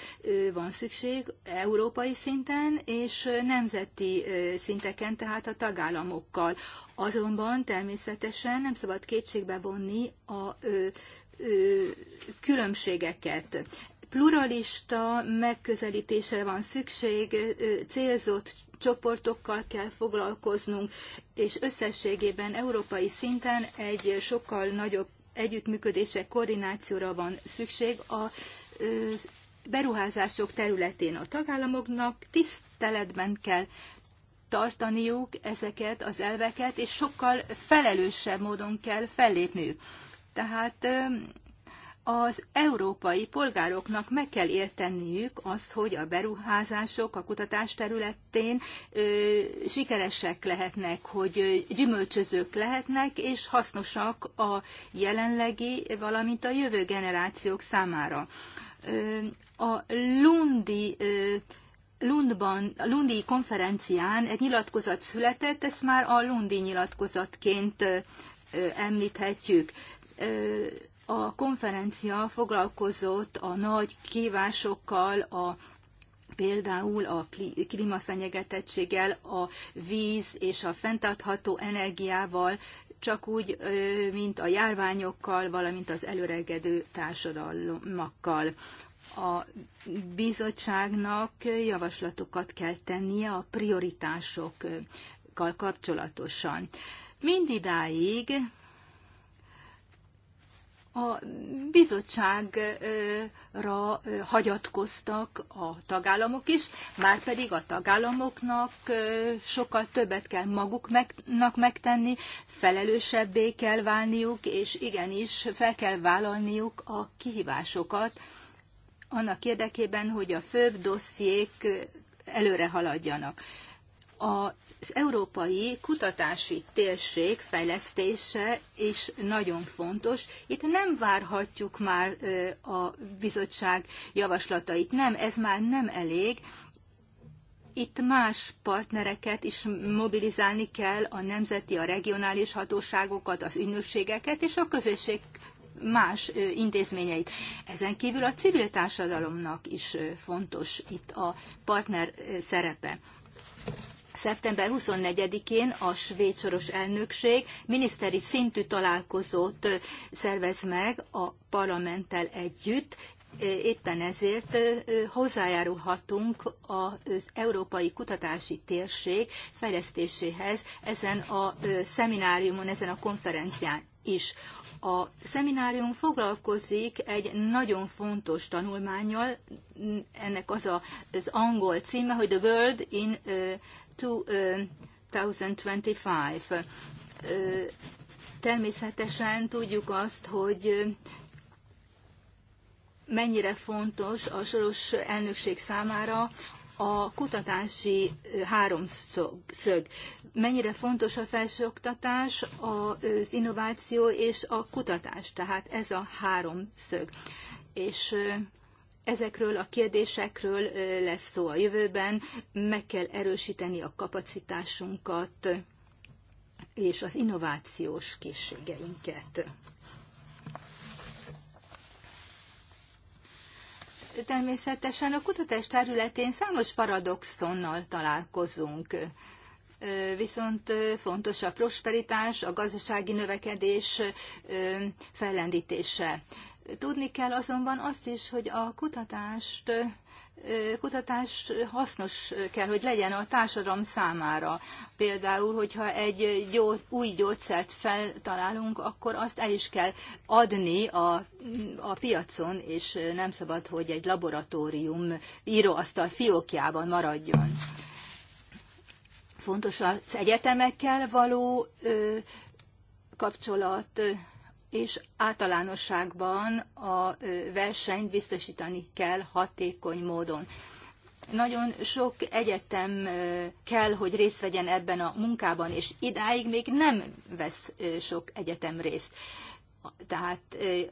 S3: van szükség európai szinten és nemzeti szinteken, tehát a tagállamokkal. Azonban természetesen nem szabad kétségbe vonni a különbségeket. Pluralista megközelítésre van szükség, célzott csoportokkal kell foglalkoznunk, és összességében európai szinten egy sokkal nagyobb együttműködése, koordinációra van szükség a beruházások területén. A tagállamoknak tiszteletben kell tartaniuk ezeket az elveket, és sokkal felelősebb módon kell fellépniük. Tehát az európai polgároknak meg kell érteniük azt, hogy a beruházások a kutatás területén ö, sikeresek lehetnek, hogy gyümölcsözők lehetnek, és hasznosak a jelenlegi, valamint a jövő generációk számára. Ö, a Lundi ö, Lundban, a Lundi konferencián egy nyilatkozat született, ezt már a Lundi nyilatkozatként említhetjük a konferencia foglalkozott a nagy kívásokkal, a, például a klímafenyegetettséggel, a víz és a fenntartható energiával, csak úgy, mint a járványokkal, valamint az előregedő társadalmakkal. A bizottságnak javaslatokat kell tennie a prioritásokkal kapcsolatosan. Mindidáig a bizottságra hagyatkoztak a tagállamok is, már pedig a tagállamoknak sokkal többet kell maguknak megtenni, felelősebbé kell válniuk, és igenis fel kell vállalniuk a kihívásokat annak érdekében, hogy a főbb dossziék előre haladjanak. A az európai kutatási térség fejlesztése is nagyon fontos. Itt nem várhatjuk már a bizottság javaslatait. Nem, ez már nem elég. Itt más partnereket is mobilizálni kell, a nemzeti, a regionális hatóságokat, az ügynökségeket és a közösség más intézményeit. Ezen kívül a civil társadalomnak is fontos itt a partner szerepe. Szeptember 24-én a svéd soros elnökség miniszteri szintű találkozót szervez meg a parlamenttel együtt, Éppen ezért hozzájárulhatunk az európai kutatási térség fejlesztéséhez ezen a szemináriumon, ezen a konferencián is. A szeminárium foglalkozik egy nagyon fontos tanulmányjal, ennek az a, az angol címe, hogy The World in 2025. Um, uh, természetesen tudjuk azt, hogy um, mennyire fontos a soros elnökség számára a kutatási uh, háromszög. Mennyire fontos a felsőoktatás, az innováció és a kutatás, tehát ez a háromszög. És uh, Ezekről a kérdésekről lesz szó a jövőben, meg kell erősíteni a kapacitásunkat és az innovációs készségeinket. Természetesen a kutatás területén számos paradoxonnal találkozunk viszont fontos a prosperitás, a gazdasági növekedés fellendítése. Tudni kell azonban azt is, hogy a kutatást, kutatás hasznos kell, hogy legyen a társadalom számára. Például, hogyha egy gyó, új gyógyszert feltalálunk, akkor azt el is kell adni a, a piacon, és nem szabad, hogy egy laboratórium íróasztal fiókjában maradjon. Fontos az egyetemekkel való ö, kapcsolat, és általánosságban a versenyt biztosítani kell hatékony módon. Nagyon sok egyetem kell, hogy részt vegyen ebben a munkában, és idáig még nem vesz sok egyetem részt. Tehát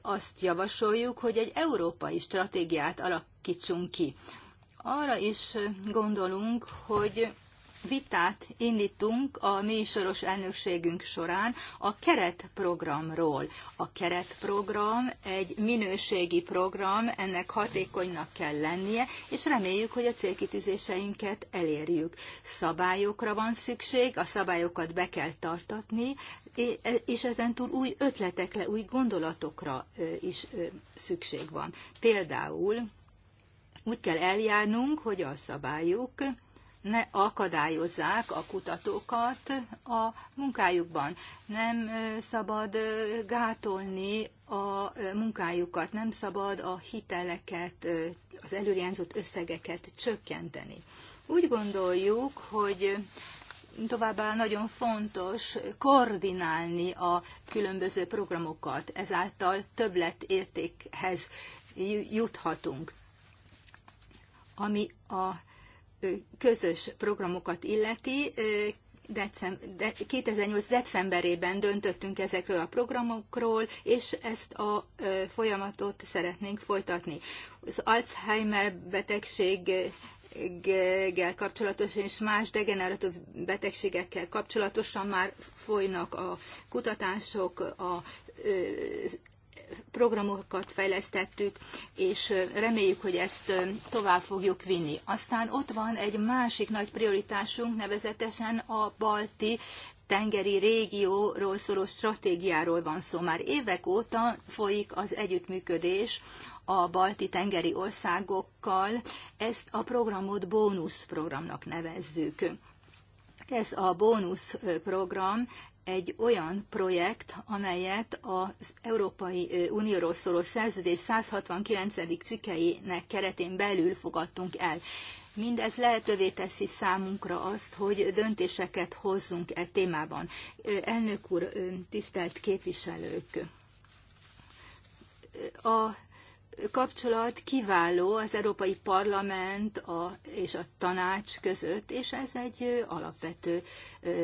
S3: azt javasoljuk, hogy egy európai stratégiát alakítsunk ki. Arra is gondolunk, hogy vitát indítunk a mi soros elnökségünk során a keretprogramról. A keretprogram egy minőségi program, ennek hatékonynak kell lennie, és reméljük, hogy a célkitűzéseinket elérjük. Szabályokra van szükség, a szabályokat be kell tartatni, és ezentúl új ötletekre, új gondolatokra is szükség van. Például úgy kell eljárnunk, hogy a szabályok ne akadályozzák a kutatókat a munkájukban. Nem szabad gátolni a munkájukat, nem szabad a hiteleket, az előrejelzott összegeket csökkenteni. Úgy gondoljuk, hogy továbbá nagyon fontos koordinálni a különböző programokat, ezáltal többletértékhez juthatunk. Ami a közös programokat illeti, decem, de 2008. decemberében döntöttünk ezekről a programokról, és ezt a folyamatot szeretnénk folytatni. Az Alzheimer betegség betegséggel kapcsolatosan és más degeneratív betegségekkel kapcsolatosan már folynak a kutatások, a programokat fejlesztettük, és reméljük, hogy ezt tovább fogjuk vinni. Aztán ott van egy másik nagy prioritásunk, nevezetesen a balti tengeri régióról szóló stratégiáról van szó. Már évek óta folyik az együttműködés a balti tengeri országokkal. Ezt a programot bónuszprogramnak nevezzük. Ez a bónuszprogram egy olyan projekt, amelyet az Európai Unióról szóló szerződés 169. cikkeinek keretén belül fogadtunk el. Mindez lehetővé teszi számunkra azt, hogy döntéseket hozzunk e témában. Elnök úr, tisztelt képviselők! A kapcsolat kiváló az Európai Parlament a, és a tanács között, és ez egy alapvető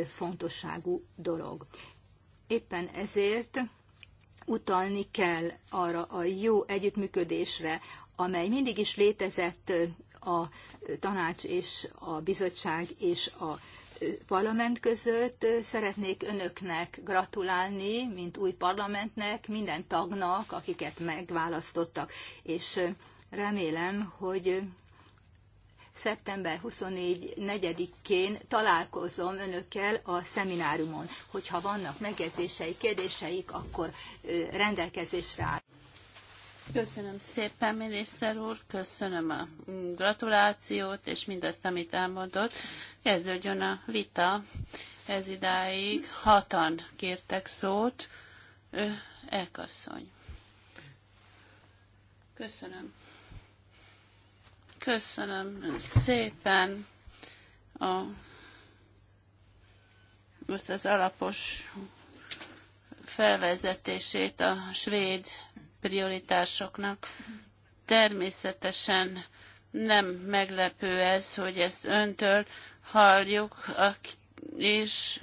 S3: fontosságú dolog. Éppen ezért utalni kell arra a jó együttműködésre, amely mindig is létezett a tanács és a bizottság és a parlament között. Szeretnék önöknek gratulálni, mint új parlamentnek, minden tagnak, akiket megválasztottak. És remélem, hogy szeptember 24-én találkozom önökkel a szemináriumon. Hogyha vannak megjegyzéseik, kérdéseik, akkor rendelkezésre áll.
S2: Köszönöm szépen, miniszter úr, köszönöm a gratulációt és mindazt, amit elmondott. Kezdődjön a vita. Ez idáig hatan kértek szót. Ő elkasszony. Köszönöm. Köszönöm szépen a, most az alapos felvezetését a svéd prioritásoknak. Természetesen nem meglepő ez, hogy ezt öntől halljuk, és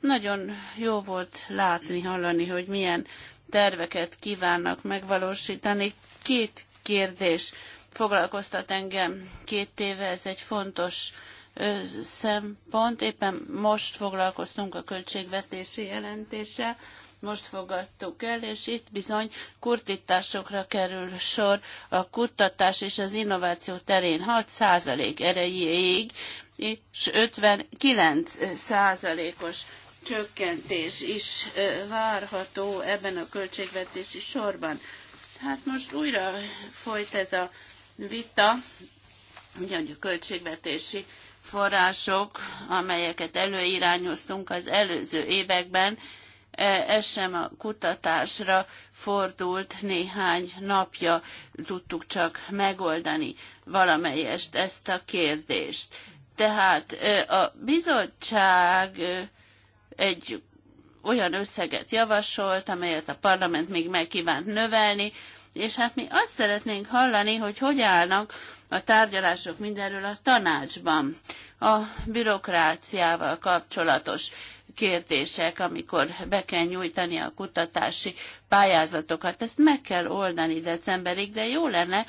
S2: nagyon jó volt látni, hallani, hogy milyen terveket kívánnak megvalósítani. Két kérdés foglalkoztat engem két éve, ez egy fontos szempont. Éppen most foglalkoztunk a költségvetési jelentéssel, most fogadtuk el, és itt bizony kurtításokra kerül sor a kutatás és az innováció terén 6% erejéig, és 59%-os csökkentés is várható ebben a költségvetési sorban. Hát most újra folyt ez a vita, ugye a költségvetési források, amelyeket előirányoztunk az előző években, E, ez sem a kutatásra fordult néhány napja, tudtuk csak megoldani valamelyest ezt a kérdést. Tehát e, a bizottság e, egy olyan összeget javasolt, amelyet a parlament még megkívánt növelni, és hát mi azt szeretnénk hallani, hogy hogy állnak a tárgyalások mindenről a tanácsban, a bürokráciával kapcsolatos kérdések, amikor be kell nyújtani a kutatási pályázatokat. Ezt meg kell oldani decemberig, de jó lenne,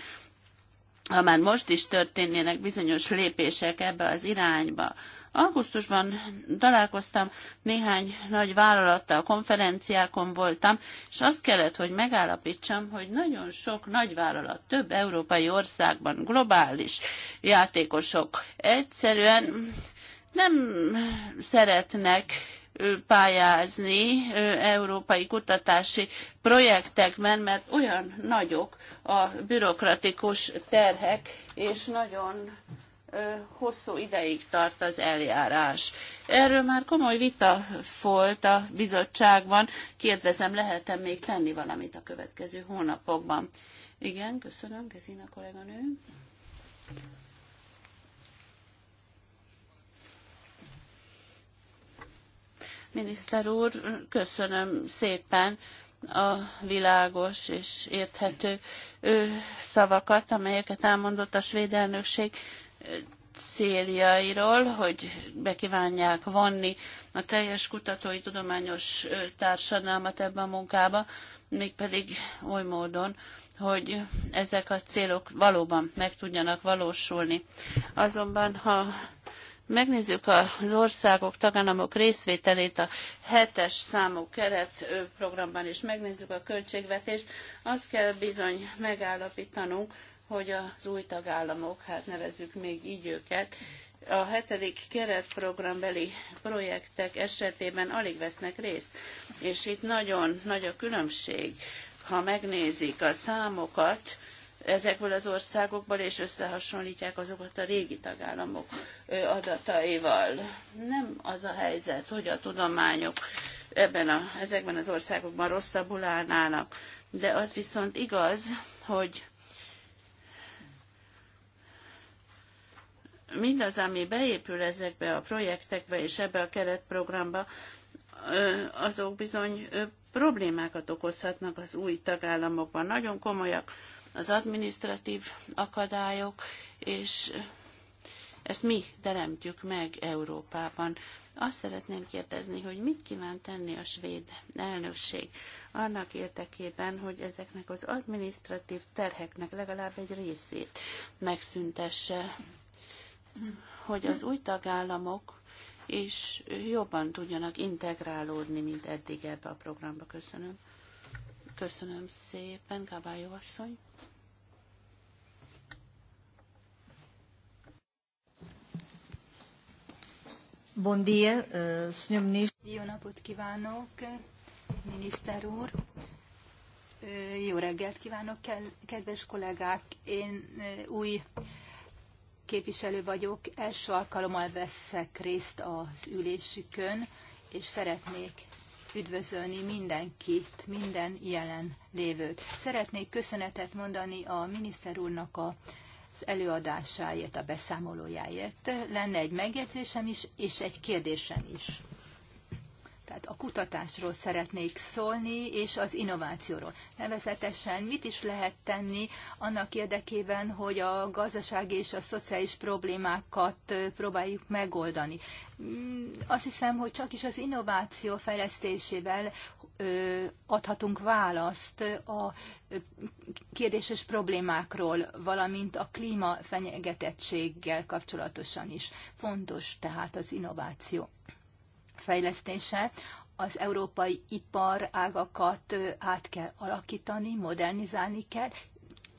S2: ha már most is történnének bizonyos lépések ebbe az irányba. Augusztusban találkoztam néhány nagy vállalattal, konferenciákon voltam, és azt kellett, hogy megállapítsam, hogy nagyon sok nagy vállalat több európai országban globális játékosok egyszerűen nem szeretnek pályázni európai kutatási projektekben, mert olyan nagyok a bürokratikus terhek, és nagyon hosszú ideig tart az eljárás. Erről már komoly vita volt a bizottságban. Kérdezem, lehet-e még tenni valamit a következő hónapokban? Igen, köszönöm, Gezina kolléganő. Miniszter úr, köszönöm szépen a világos és érthető szavakat, amelyeket elmondott a svéd elnökség céljairól, hogy bekívánják vonni a teljes kutatói tudományos társadalmat ebbe a munkába, mégpedig oly módon, hogy ezek a célok valóban meg tudjanak valósulni. Azonban, ha megnézzük az országok, tagállamok részvételét a hetes számú keretprogramban, és megnézzük a költségvetést, azt kell bizony megállapítanunk, hogy az új tagállamok, hát nevezzük még így őket, a hetedik keretprogrambeli projektek esetében alig vesznek részt, és itt nagyon nagy a különbség. Ha megnézik a számokat, ezekből az országokból, és összehasonlítják azokat a régi tagállamok adataival. Nem az a helyzet, hogy a tudományok ebben a, ezekben az országokban rosszabbul állnának, de az viszont igaz, hogy mindaz, ami beépül ezekbe a projektekbe és ebbe a keretprogramba, azok bizony problémákat okozhatnak az új tagállamokban. Nagyon komolyak az administratív akadályok, és ezt mi teremtjük meg Európában. Azt szeretném kérdezni, hogy mit kíván tenni a svéd elnökség annak érdekében, hogy ezeknek az administratív terheknek legalább egy részét megszüntesse, hogy az új tagállamok is jobban tudjanak integrálódni, mint eddig ebbe a programba. Köszönöm. Köszönöm szépen, asszony.
S3: Bon dia, uh, Jó napot kívánok, miniszter úr. Eh, jó reggelt kívánok, kedves kollégák! Én eh, új képviselő vagyok, első alkalommal veszek részt az ülésükön, és szeretnék üdvözölni mindenkit, minden jelen lévőt. Szeretnék köszönetet mondani a miniszter úrnak a az előadásáért, a beszámolójáért. Lenne egy megjegyzésem is, és egy kérdésem is. Tehát a kutatásról szeretnék szólni, és az innovációról. Nevezetesen mit is lehet tenni annak érdekében, hogy a gazdasági és a szociális problémákat próbáljuk megoldani. Mm, azt hiszem, hogy csak is az innováció fejlesztésével adhatunk választ a kérdéses problémákról, valamint a klíma fenyegetettséggel kapcsolatosan is. Fontos tehát az innováció fejlesztése, az európai iparágakat át kell alakítani, modernizálni kell,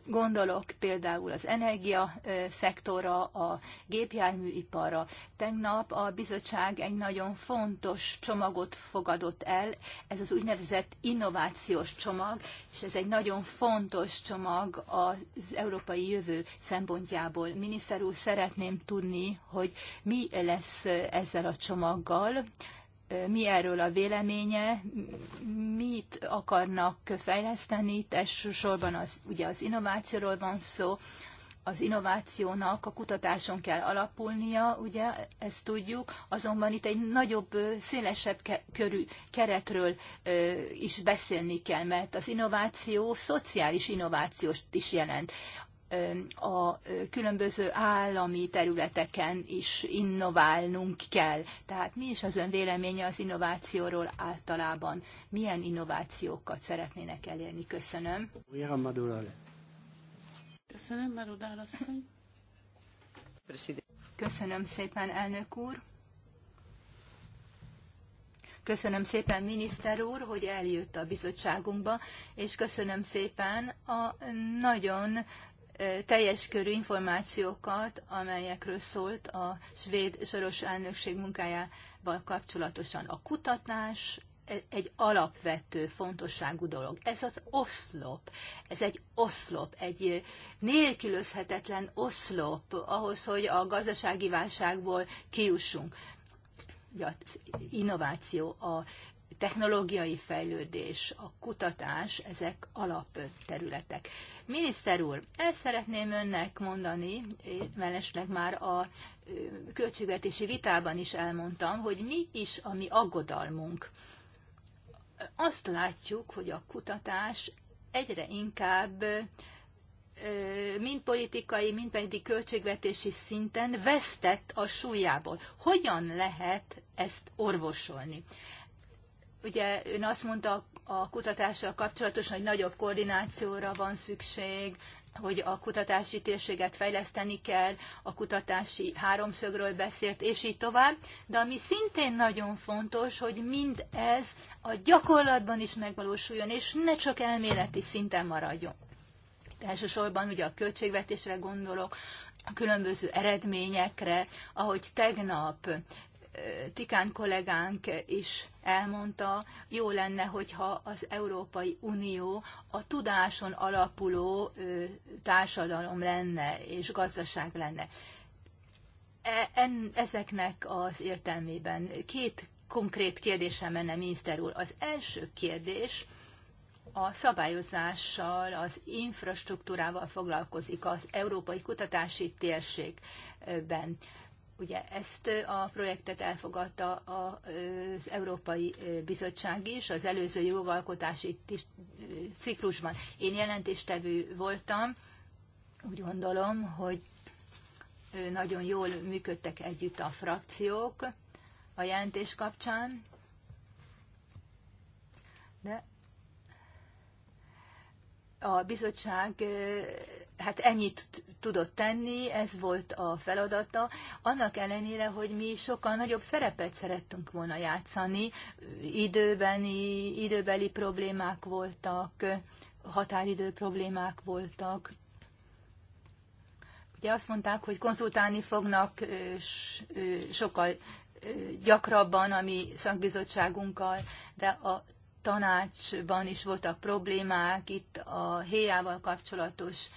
S3: Gondolok például az energia szektora, a gépjárműiparra. Tegnap a bizottság egy nagyon fontos csomagot fogadott el, ez az úgynevezett innovációs csomag, és ez egy nagyon fontos csomag az európai jövő szempontjából. Miniszter úr, szeretném tudni, hogy mi lesz ezzel a csomaggal, mi erről a véleménye, mit akarnak fejleszteni, elsősorban az, ugye az innovációról van szó, az innovációnak a kutatáson kell alapulnia, ugye ezt tudjuk, azonban itt egy nagyobb, szélesebb ke- körű keretről ö, is beszélni kell, mert az innováció szociális innovációt is jelent a különböző állami területeken is innoválnunk kell. Tehát mi is az ön véleménye az innovációról általában? Milyen innovációkat szeretnének elérni? Köszönöm.
S2: Köszönöm, Marudál asszony.
S3: Köszönöm szépen, elnök úr. Köszönöm szépen, miniszter úr, hogy eljött a bizottságunkba, és köszönöm szépen a nagyon teljes körű információkat, amelyekről szólt a svéd soros elnökség munkájával kapcsolatosan. A kutatás e, egy alapvető fontosságú dolog. Ez az oszlop, ez egy oszlop, egy nélkülözhetetlen oszlop ahhoz, hogy a gazdasági válságból kiussunk. Ja, innováció, a technológiai fejlődés, a kutatás, ezek alapterületek. Miniszter úr, el szeretném önnek mondani, mellesleg már a költségvetési vitában is elmondtam, hogy mi is a mi aggodalmunk. Azt látjuk, hogy a kutatás egyre inkább mind politikai, mind pedig költségvetési szinten vesztett a súlyából. Hogyan lehet ezt orvosolni? Ugye ön azt mondta a kutatással kapcsolatosan, hogy nagyobb koordinációra van szükség, hogy a kutatási térséget fejleszteni kell, a kutatási háromszögről beszélt, és így tovább. De ami szintén nagyon fontos, hogy mind ez a gyakorlatban is megvalósuljon, és ne csak elméleti szinten maradjon. De elsősorban ugye a költségvetésre gondolok, a különböző eredményekre, ahogy tegnap Tikán kollégánk is elmondta, jó lenne, hogyha az Európai Unió a tudáson alapuló társadalom lenne és gazdaság lenne. E, en, ezeknek az értelmében két konkrét kérdésem menne, miniszter úr. Az első kérdés a szabályozással, az infrastruktúrával foglalkozik az Európai Kutatási Térségben. Ugye ezt a projektet elfogadta az Európai Bizottság is az előző jogalkotási ciklusban. Én jelentéstevő voltam, úgy gondolom, hogy nagyon jól működtek együtt a frakciók a jelentés kapcsán, de a bizottság hát ennyit tudott tenni, ez volt a feladata, annak ellenére, hogy mi sokkal nagyobb szerepet szerettünk volna játszani, időbeni, időbeli problémák voltak, határidő problémák voltak. Ugye azt mondták, hogy konzultálni fognak sokkal gyakrabban a mi szakbizottságunkkal, de a tanácsban is voltak problémák, itt a héjával kapcsolatos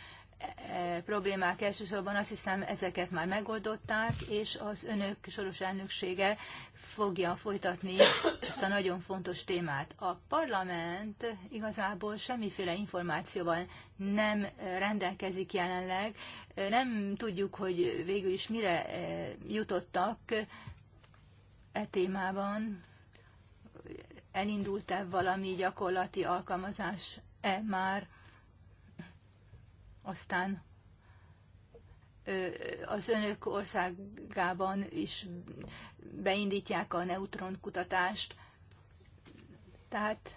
S3: problémák elsősorban azt hiszem ezeket már megoldották, és az önök soros elnöksége fogja folytatni ezt a nagyon fontos témát. A parlament igazából semmiféle információval nem rendelkezik jelenleg, nem tudjuk, hogy végül is mire eh, jutottak e témában, elindult-e valami gyakorlati alkalmazás-e már, aztán az önök országában is beindítják a neutron kutatást. Tehát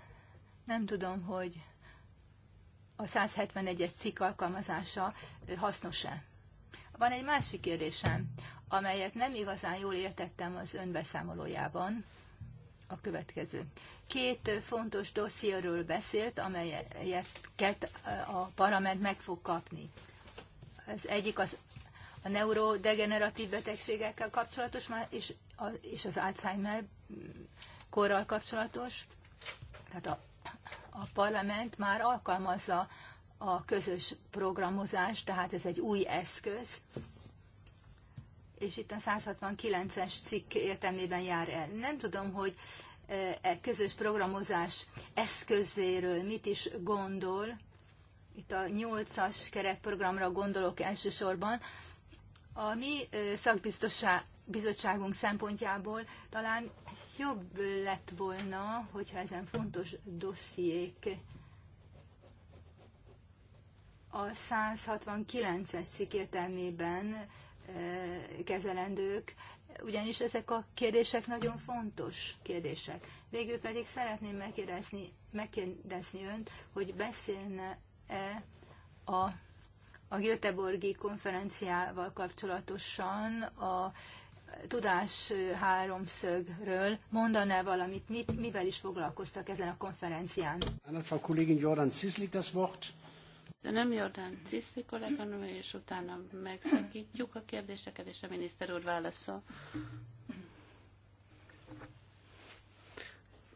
S3: nem tudom, hogy a 171-es cikk alkalmazása hasznos-e. Van egy másik kérdésem, amelyet nem igazán jól értettem az ön beszámolójában a következő. Két fontos dossziéről beszélt, amelyeket eh, a parlament meg fog kapni. Az egyik az a neurodegeneratív betegségekkel kapcsolatos, és, és az Alzheimer mm, korral kapcsolatos. Tehát a, a parlament már alkalmazza a közös programozást, tehát ez egy új eszköz, és itt a 169-es cikk értelmében jár el. Nem tudom, hogy eh, e közös programozás eszközéről mit is gondol, itt a 8-as keretprogramra gondolok elsősorban, a mi eh, szakbizottságunk szempontjából talán jobb lett volna, hogyha ezen fontos dossziék a 169-es cikk értelmében kezelendők, ugyanis ezek a kérdések nagyon fontos kérdések. Végül pedig szeretném megkérdezni, megkérdezni önt, hogy beszélne-e a, a Göteborgi konferenciával kapcsolatosan a tudás háromszögről mondaná valamit, mit, mivel is foglalkoztak ezen a konferencián.
S1: Anna Frau Kollegin Jordan Cislik das Wort.
S2: Köszönöm, Jordán Ciszi kolléganő, és utána megszakítjuk a kérdéseket, és a miniszter úr válaszol.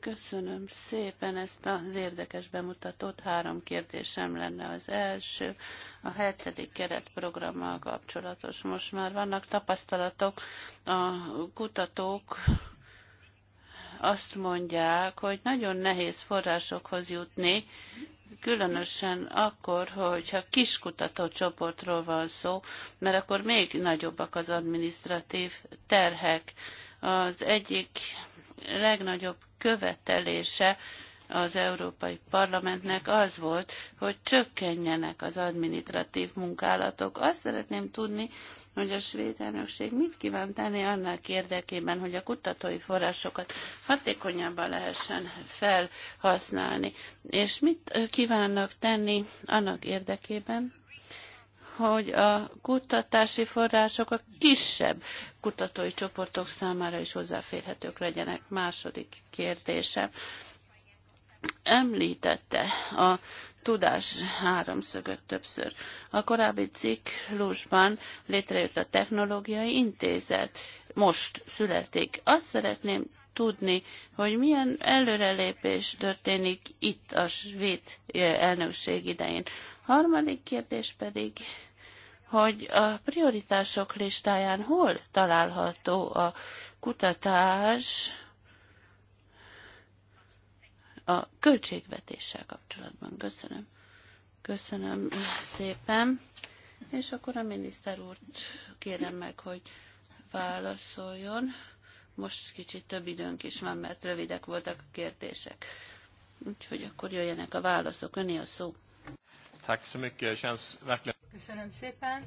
S2: Köszönöm szépen ezt az érdekes bemutatót. Három kérdésem lenne az első. A hetedik keretprogrammal kapcsolatos. Most már vannak tapasztalatok, a kutatók azt mondják, hogy nagyon nehéz forrásokhoz jutni, különösen akkor, hogyha kis kutatócsoportról van szó, mert akkor még nagyobbak az administratív terhek. Az egyik legnagyobb követelése az Európai Parlamentnek az volt, hogy csökkenjenek az administratív munkálatok. Azt szeretném tudni, hogy a svéd elnökség mit kíván tenni annak érdekében, hogy a kutatói forrásokat hatékonyabban lehessen felhasználni, és mit kívánnak tenni annak érdekében, hogy a kutatási források a kisebb kutatói csoportok számára is hozzáférhetők legyenek. Második kérdésem említette a tudás háromszögöt többször. A korábbi ciklusban létrejött a Technológiai Intézet. Most születik. Azt szeretném tudni, hogy milyen előrelépés történik itt a svéd elnökség idején. Harmadik kérdés pedig, hogy a prioritások listáján hol található a kutatás, a költségvetéssel kapcsolatban. Köszönöm. Köszönöm szépen. És akkor a miniszter úrt kérem meg, hogy válaszoljon. Most kicsit több időnk is van, mert rövidek voltak a kérdések. Úgyhogy akkor jöjjenek a válaszok. Öné a szó.
S3: Köszönöm szépen.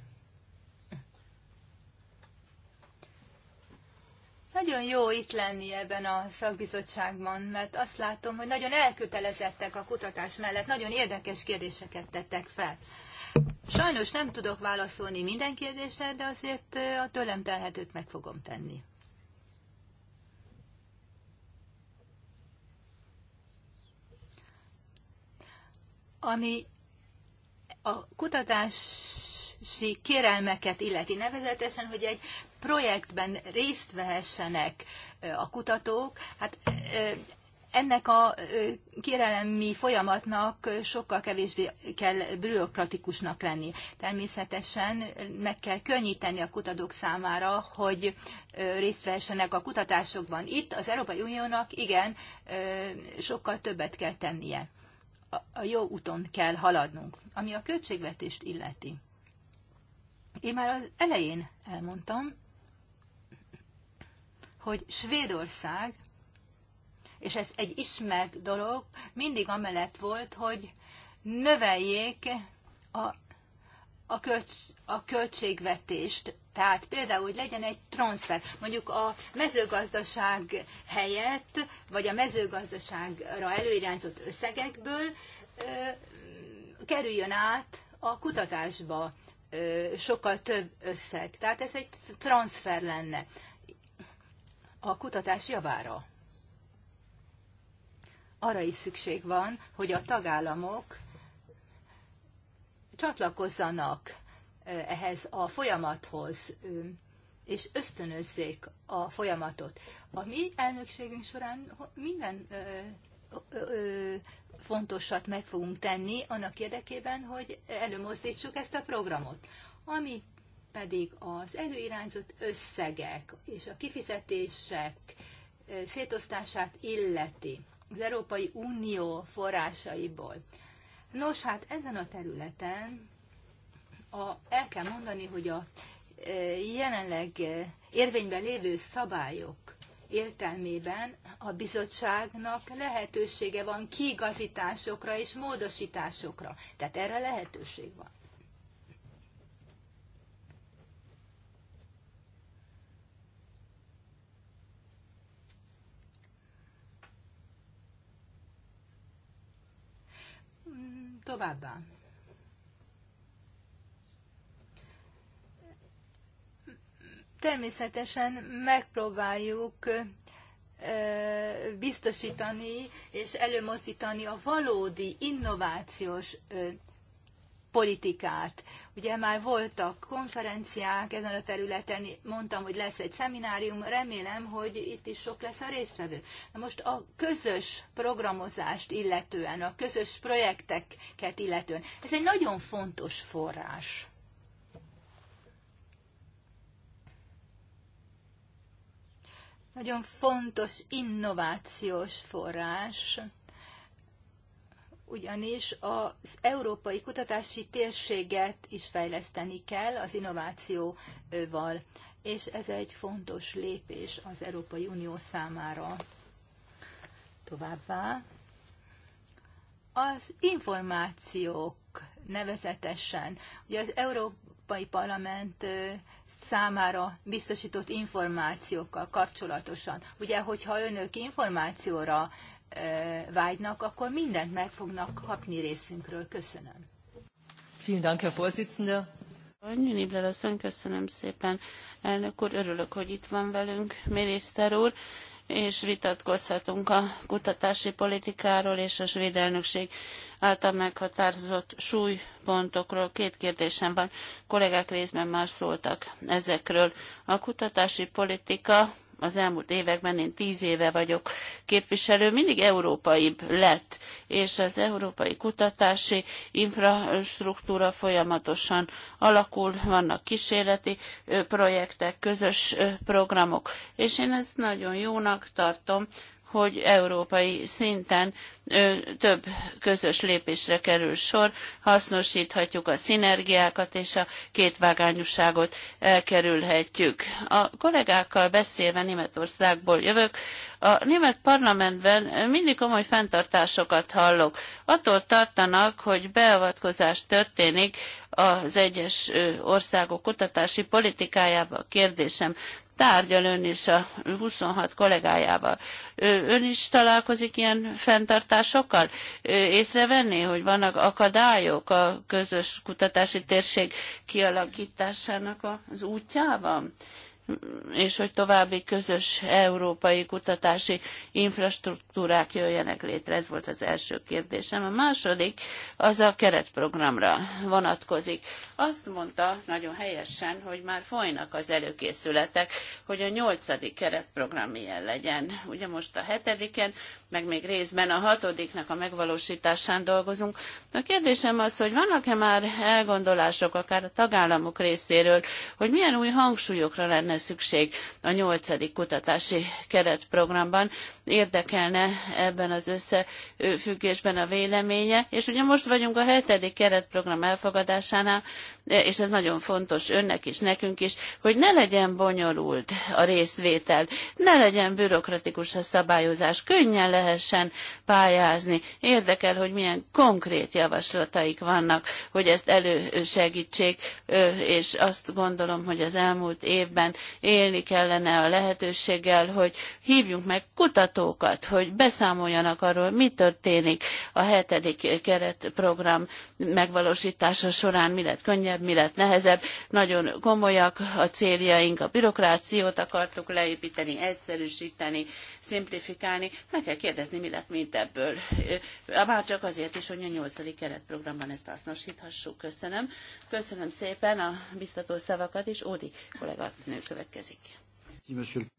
S2: Nagyon jó itt
S3: lenni ebben a szakbizottságban, mert azt látom, hogy nagyon elkötelezettek a kutatás mellett, nagyon érdekes kérdéseket tettek fel. Sajnos nem tudok válaszolni minden kérdésre, de azért a tőlem telhetőt meg fogom tenni. Ami a kutatási kérelmeket illeti nevezetesen, hogy egy projektben részt vehessenek a kutatók, hát ennek a kérelemi folyamatnak sokkal kevésbé kell bürokratikusnak lenni. Természetesen meg kell könnyíteni a kutatók számára, hogy részt vehessenek a kutatásokban. Itt az Európai Uniónak igen, sokkal többet kell tennie. A jó úton kell haladnunk, ami a költségvetést illeti. Én már az elején elmondtam, hogy Svédország, és ez egy ismert dolog, mindig amellett volt, hogy növeljék a, a, költs, a költségvetést. Tehát például, hogy legyen egy transfer, mondjuk a mezőgazdaság helyett, vagy a mezőgazdaságra előirányzott összegekből ö, kerüljön át a kutatásba ö, sokkal több összeg. Tehát ez egy transfer lenne a kutatás javára. Arra is szükség van, hogy a tagállamok csatlakozzanak ehhez a folyamathoz, és ösztönözzék a folyamatot. A mi elnökségünk során minden fontosat meg fogunk tenni annak érdekében, hogy előmozdítsuk ezt a programot. Ami pedig az előirányzott összegek és a kifizetések szétosztását illeti az Európai Unió forrásaiból. Nos, hát ezen a területen a, el kell mondani, hogy a jelenleg érvényben lévő szabályok értelmében a bizottságnak lehetősége van kiigazításokra és módosításokra. Tehát erre lehetőség van. Továbbá. Természetesen megpróbáljuk biztosítani és előmozdítani a valódi innovációs politikát. Ugye már voltak konferenciák ezen a területen, mondtam, hogy lesz egy szeminárium, remélem, hogy itt is sok lesz a résztvevő. Na most a közös programozást illetően, a közös projekteket illetően, ez egy nagyon fontos forrás. Nagyon fontos innovációs forrás ugyanis az európai kutatási térséget is fejleszteni kell az innovációval, és ez egy fontos lépés az Európai Unió számára. Továbbá az információk nevezetesen, ugye az Európai Parlament számára biztosított információkkal kapcsolatosan. Ugye, hogyha önök információra vágynak, akkor mindent meg fognak kapni részünkről. Köszönöm.
S2: Vielen Dank, Herr Vorsitzender. Nibler asszony, köszönöm szépen. Elnök úr, örülök, hogy itt van velünk, miniszter úr, és vitatkozhatunk a kutatási politikáról és a svéd elnökség által meghatározott súlypontokról. Két kérdésem van, kollégák részben már szóltak ezekről. A kutatási politika az elmúlt években, én tíz éve vagyok képviselő, mindig európaibb lett, és az európai kutatási infrastruktúra folyamatosan alakul, vannak kísérleti projektek, közös programok, és én ezt nagyon jónak tartom, hogy európai szinten több közös lépésre kerül sor, hasznosíthatjuk a szinergiákat és a kétvágányúságot elkerülhetjük. A kollégákkal beszélve Németországból jövök, a német parlamentben mindig komoly fenntartásokat hallok. Attól tartanak, hogy beavatkozás történik az egyes országok kutatási politikájába. Kérdésem, tárgyal ön is a 26 kollégájával. Ön is találkozik ilyen fenntartásokkal? Észrevenné, hogy vannak akadályok a közös kutatási térség kialakításának az útjában? és hogy további közös európai kutatási infrastruktúrák jöjjenek létre. Ez volt az első kérdésem. A második az a keretprogramra vonatkozik. Azt mondta nagyon helyesen, hogy már folynak az előkészületek, hogy a nyolcadik keretprogram milyen legyen. Ugye most a hetediken, meg még részben a hatodiknak a megvalósításán dolgozunk. A kérdésem az, hogy vannak-e már elgondolások akár a tagállamok részéről, hogy milyen új hangsúlyokra lenne lenne szükség a nyolcadik kutatási keretprogramban. Érdekelne ebben az összefüggésben a véleménye, és ugye most vagyunk a hetedik keretprogram elfogadásánál, és ez nagyon fontos önnek is, nekünk is, hogy ne legyen bonyolult a részvétel, ne legyen bürokratikus a szabályozás, könnyen lehessen pályázni. Érdekel, hogy milyen konkrét javaslataik vannak, hogy ezt elősegítsék, és azt gondolom, hogy az elmúlt évben élni kellene a lehetőséggel, hogy hívjunk meg kutatókat, hogy beszámoljanak arról, mi történik a hetedik keretprogram megvalósítása során, mi lett könnyebb, mi lett nehezebb. Nagyon komolyak a céljaink, a bürokrációt akartuk leépíteni, egyszerűsíteni, szimplifikálni. Meg kell kérdezni, mi lett mint ebből. Már csak azért is, hogy a nyolcadik keretprogramban ezt hasznosíthassuk. Köszönöm. Köszönöm szépen a biztató szavakat, és Ódi kolléganő következik.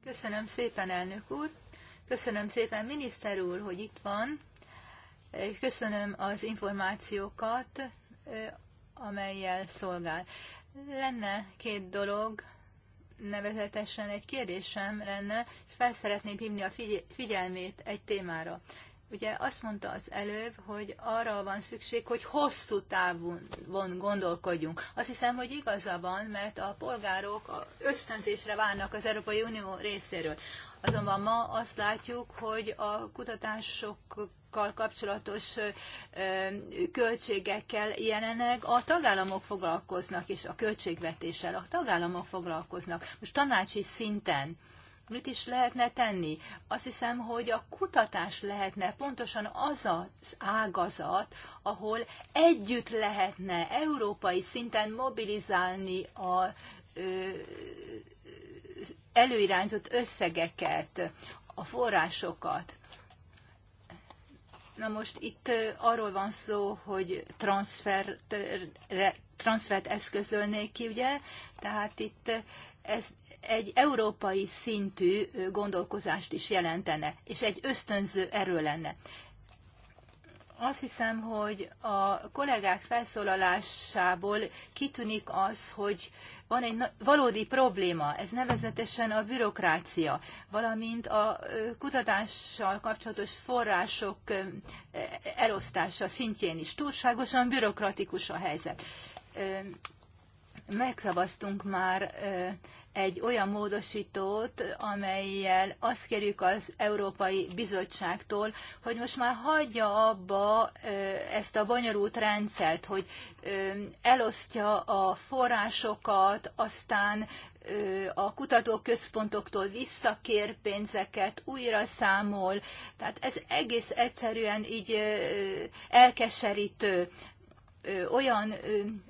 S2: Köszönöm szépen, elnök úr!
S3: Köszönöm szépen, miniszter úr, hogy itt van, köszönöm az információkat, eh, amelyel szolgál. Lenne két dolog, nevezetesen egy kérdésem lenne, és fel szeretném hívni a figyelmét egy témára. Ugye azt mondta az előbb, hogy arra van szükség, hogy hosszú távon gondolkodjunk. Azt hiszem, hogy igaza van, mert a polgárok ösztönzésre várnak az Európai Unió részéről. Azonban ma azt látjuk, hogy a kutatásokkal kapcsolatos költségekkel jelenleg a tagállamok foglalkoznak, és a költségvetéssel a tagállamok foglalkoznak. Most tanácsi szinten mit is lehetne tenni? Azt hiszem, hogy a kutatás lehetne pontosan az az ágazat, ahol együtt lehetne európai szinten mobilizálni a ö, előirányzott összegeket, a forrásokat. Na most itt arról van szó, hogy transfert, transfert eszközölnék ki, ugye? Tehát itt ez, egy európai szintű gondolkozást is jelentene, és egy ösztönző erő lenne. Azt hiszem, hogy a kollégák felszólalásából kitűnik az, hogy van egy valódi probléma, ez nevezetesen a bürokrácia, valamint a kutatással kapcsolatos források e, elosztása szintjén is túlságosan bürokratikus a helyzet megszavaztunk már egy olyan módosítót, amelyel azt kérjük az Európai Bizottságtól, hogy most már hagyja abba ezt a bonyolult rendszert, hogy elosztja a forrásokat, aztán a kutatóközpontoktól visszakér pénzeket, újra számol. Tehát ez egész egyszerűen így elkeserítő olyan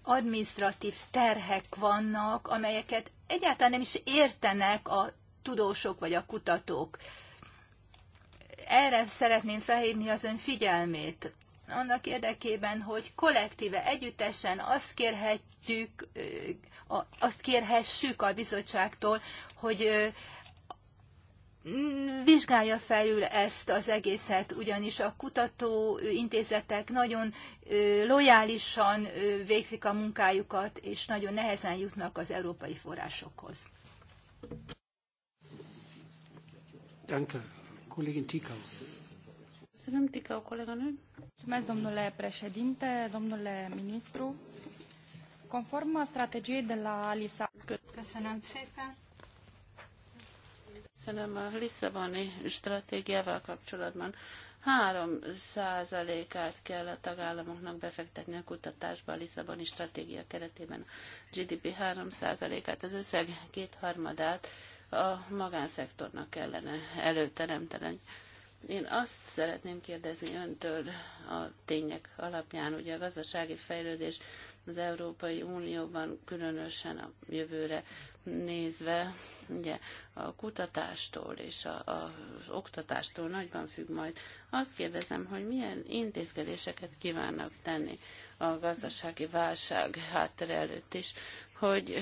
S3: administratív terhek vannak, amelyeket egyáltalán nem is értenek a tudósok vagy a kutatók. Erre szeretném felhívni az ön figyelmét. Annak érdekében, hogy kollektíve, együttesen azt kérhetjük, azt kérhessük a bizottságtól, hogy vizsgálja felül ezt az egészet, ugyanis a kutatóintézetek nagyon lojálisan végzik a munkájukat, és nagyon nehezen jutnak az európai
S2: forrásokhoz.
S1: Danke. Kollégin Tikau.
S2: Köszönöm, Tikau kolléganő. Mulțumesc, domnule președinte, domnule ministru. Conform strategiei de la Lisa...
S3: Köszönöm szépen
S2: köszönöm a Lisszaboni stratégiával kapcsolatban 3 százalékát kell a tagállamoknak befektetni a kutatásba a Lisszaboni stratégia keretében. A GDP 3 százalékát, az összeg kétharmadát a magánszektornak kellene előteremteni. Én azt szeretném kérdezni öntől a tények alapján, ugye a gazdasági fejlődés az Európai Unióban különösen a jövőre nézve, ugye a kutatástól és a, a, az oktatástól nagyban függ majd. Azt kérdezem, hogy milyen intézkedéseket kívánnak tenni a gazdasági válság hátter előtt is, hogy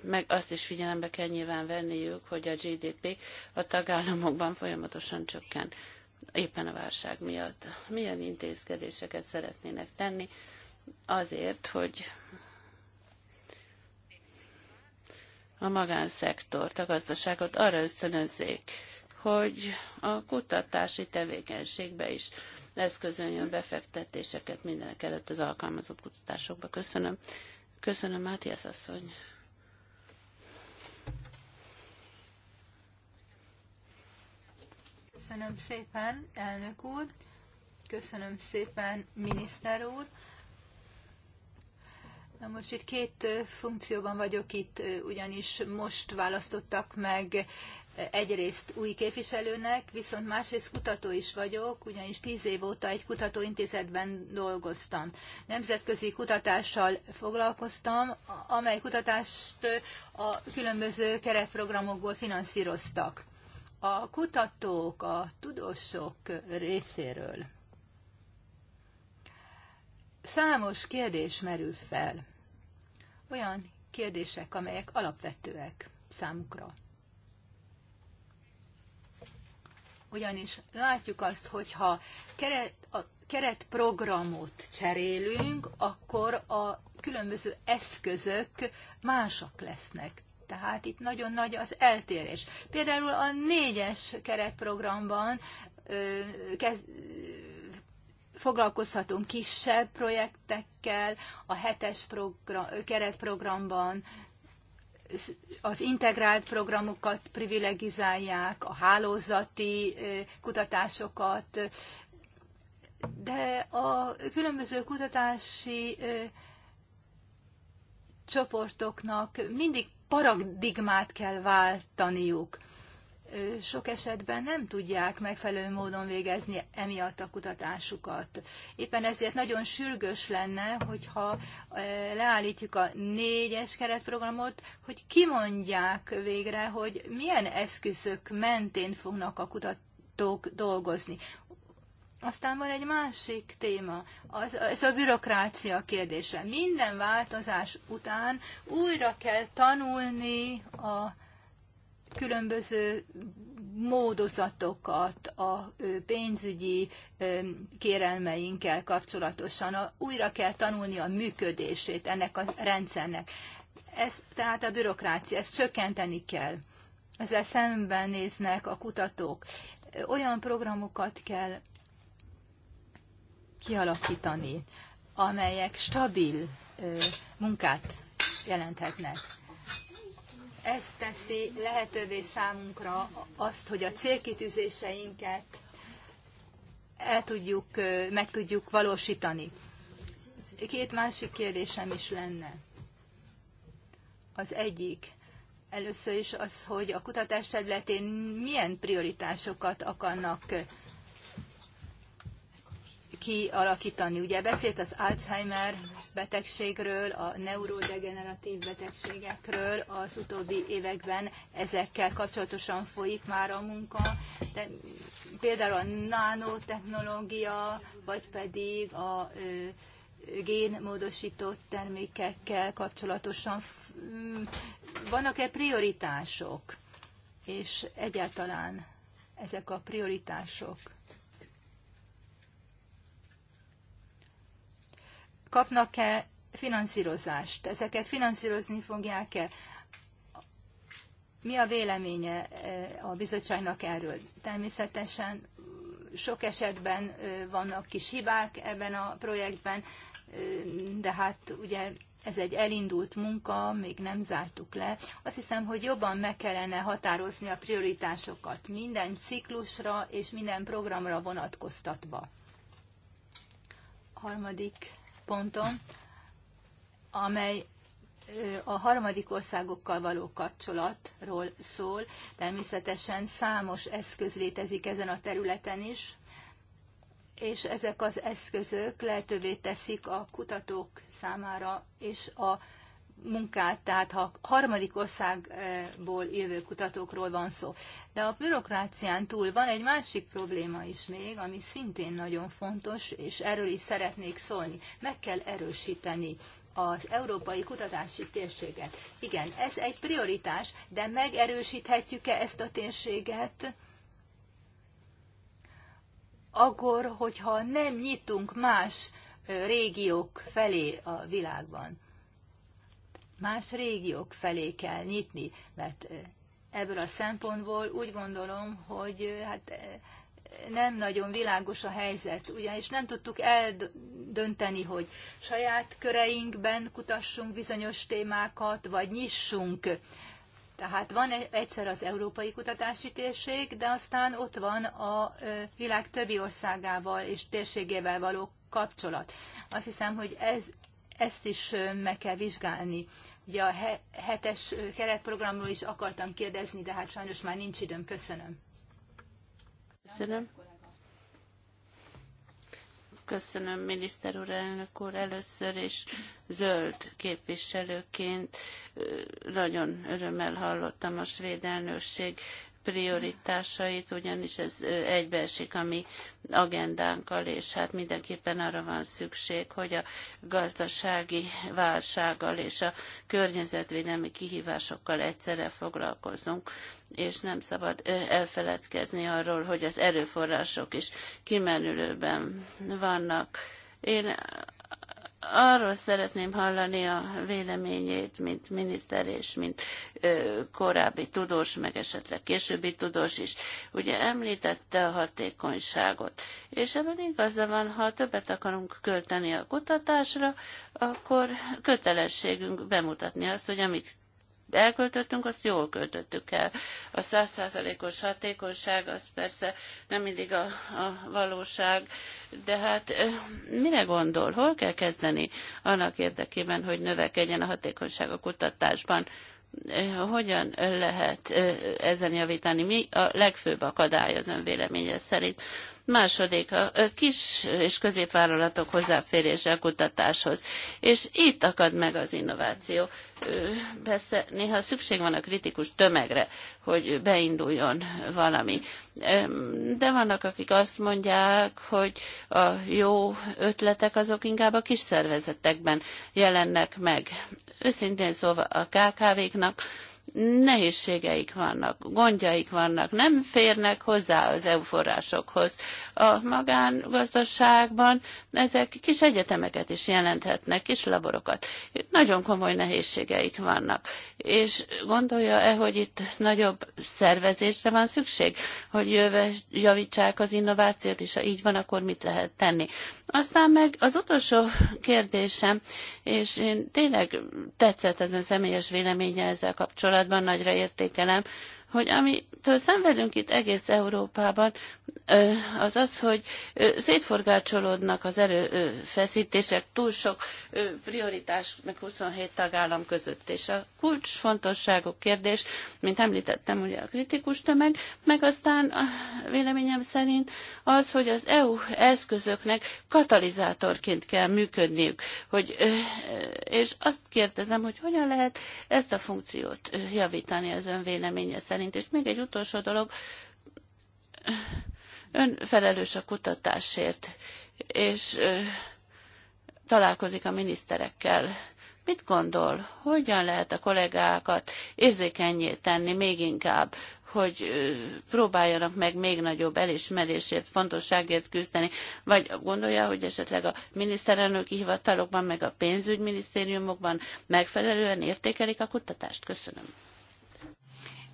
S2: meg azt is figyelembe kell nyilván venniük, hogy a GDP a tagállamokban folyamatosan csökken éppen a válság miatt. Milyen intézkedéseket szeretnének tenni azért, hogy a magánszektort, a gazdaságot arra ösztönözzék, hogy a kutatási tevékenységbe is eszközöljön befektetéseket mindenek előtt az alkalmazott kutatásokba. Köszönöm. Köszönöm, Mátiás asszony.
S3: Köszönöm szépen, elnök úr. Köszönöm szépen, miniszter úr. Na most itt két funkcióban vagyok itt, ugyanis most választottak meg egyrészt új képviselőnek, viszont másrészt kutató is vagyok, ugyanis tíz év óta egy kutatóintézetben dolgoztam. Nemzetközi kutatással foglalkoztam, amely kutatást a különböző keretprogramokból finanszíroztak. A kutatók, a tudósok részéről számos kérdés merül fel olyan kérdések, amelyek alapvetőek számukra. Ugyanis látjuk azt, hogyha keret, a keretprogramot cserélünk, akkor a különböző eszközök másak lesznek. Tehát itt nagyon nagy az eltérés. Például a négyes keretprogramban ö, kezd, foglalkozhatunk kisebb projektekkel, a hetes program, keretprogramban az integrált programokat privilegizálják, a hálózati kutatásokat, de a különböző kutatási csoportoknak mindig paradigmát kell váltaniuk sok esetben nem tudják megfelelő módon végezni emiatt a kutatásukat. Éppen ezért nagyon sürgős lenne, hogyha leállítjuk a négyes keretprogramot, hogy kimondják végre, hogy milyen eszközök mentén fognak a kutatók dolgozni. Aztán van egy másik téma, az, ez a bürokrácia kérdése. Minden változás után újra kell tanulni a különböző módozatokat a pénzügyi kérelmeinkkel kapcsolatosan. Újra kell tanulni a működését ennek a rendszernek. Ez, tehát a bürokrácia, ezt csökkenteni kell. Ezzel szemben néznek a kutatók. Olyan programokat kell kialakítani, amelyek stabil munkát jelenthetnek ez teszi lehetővé számunkra azt, hogy a célkitűzéseinket el tudjuk, meg tudjuk valósítani. Két másik kérdésem is lenne. Az egyik először is az, hogy a kutatás területén milyen prioritásokat akarnak kialakítani. Ugye beszélt az Alzheimer betegségről, a neurodegeneratív betegségekről az utóbbi években, ezekkel kapcsolatosan folyik már a munka, de például a nanotechnológia, vagy pedig a ö, génmódosított termékekkel kapcsolatosan vannak-e prioritások, és egyáltalán ezek a prioritások kapnak-e finanszírozást? Ezeket finanszírozni fogják-e? Mi a véleménye eh, a bizottságnak erről? Természetesen sok esetben eh, vannak kis hibák ebben a projektben, eh, de hát ugye ez egy elindult munka, még nem zártuk le. Azt hiszem, hogy jobban meg kellene határozni a prioritásokat minden ciklusra és minden programra vonatkoztatva. Harmadik ponton, amely a harmadik országokkal való kapcsolatról szól. Természetesen számos eszköz létezik ezen a területen is, és ezek az eszközök lehetővé teszik a kutatók számára és a munkát, tehát ha harmadik országból jövő kutatókról van szó. De a bürokrácián túl van egy másik probléma is még, ami szintén nagyon fontos, és erről is szeretnék szólni. Meg kell erősíteni az európai kutatási térséget. Igen, ez egy prioritás, de megerősíthetjük-e ezt a térséget? Akkor, hogyha nem nyitunk más régiók felé a világban más régiók felé kell nyitni, mert ebből a szempontból úgy gondolom, hogy hát nem nagyon világos a helyzet, ugyanis nem tudtuk eldönteni, hogy saját köreinkben kutassunk bizonyos témákat, vagy nyissunk. Tehát van e-, egyszer az európai kutatási térség, de aztán ott van a világ többi országával és térségével való kapcsolat. Azt hiszem, hogy ez ezt is meg kell vizsgálni. Ugye a hetes keretprogramról is akartam kérdezni, de hát sajnos már nincs időm. Köszönöm.
S2: Köszönöm. Köszönöm, miniszter úr, elnök úr, először is zöld képviselőként nagyon örömmel hallottam a svéd elnökség prioritásait, ugyanis ez egybeesik a mi agendánkkal, és hát mindenképpen arra van szükség, hogy a gazdasági válsággal és a környezetvédelmi kihívásokkal egyszerre foglalkozunk, és nem szabad elfeledkezni arról, hogy az erőforrások is kimenülőben vannak. Én arról szeretném hallani a véleményét, mint miniszter és mint ö, korábbi tudós, meg esetleg későbbi tudós is. Ugye említette a hatékonyságot, és ebben igaza van, ha többet akarunk költeni a kutatásra, akkor kötelességünk bemutatni azt, hogy amit elköltöttünk, azt jól költöttük el. A százszázalékos hatékonyság az persze nem mindig a, a valóság, de hát mire gondol, hol kell kezdeni annak érdekében, hogy növekedjen a hatékonyság a kutatásban? hogyan lehet ezen javítani? Mi a legfőbb akadály az önvéleménye szerint Második, a kis és középvállalatok hozzáférése a kutatáshoz. És itt akad meg az innováció. Persze néha szükség van a kritikus tömegre, hogy beinduljon valami. De vannak, akik azt mondják, hogy a jó ötletek azok inkább a kis szervezetekben jelennek meg. Őszintén szóval a KKV-knak nehézségeik vannak, gondjaik vannak, nem férnek hozzá az EU forrásokhoz. A magángazdaságban ezek kis egyetemeket is jelenthetnek, kis laborokat. Itt nagyon komoly nehézségeik vannak. És gondolja-e, hogy itt nagyobb szervezésre van szükség, hogy jöves, javítsák az innovációt, és ha így van, akkor mit lehet tenni? Aztán meg az utolsó kérdésem, és én tényleg tetszett az ön személyes véleménye ezzel kapcsolatban, kapcsolatban nagyra értékelem, hogy amitől szenvedünk itt egész Európában, az az, hogy szétforgácsolódnak az erőfeszítések túl sok prioritás, meg 27 tagállam között. És a kulcsfontosságú kérdés, mint említettem, ugye a kritikus tömeg, meg aztán a véleményem szerint az, hogy az EU eszközöknek katalizátorként kell működniük. Hogy, és azt kérdezem, hogy hogyan lehet ezt a funkciót javítani az ön véleménye szerint szerint. És még egy utolsó dolog, ön felelős a kutatásért, és találkozik a miniszterekkel. Mit gondol, hogyan lehet a kollégákat érzékenyé tenni még inkább, hogy próbáljanak meg még nagyobb elismerésért, fontosságért küzdeni, vagy gondolja, hogy esetleg a miniszterelnöki hivatalokban, meg a pénzügyminisztériumokban megfelelően értékelik a kutatást? Köszönöm.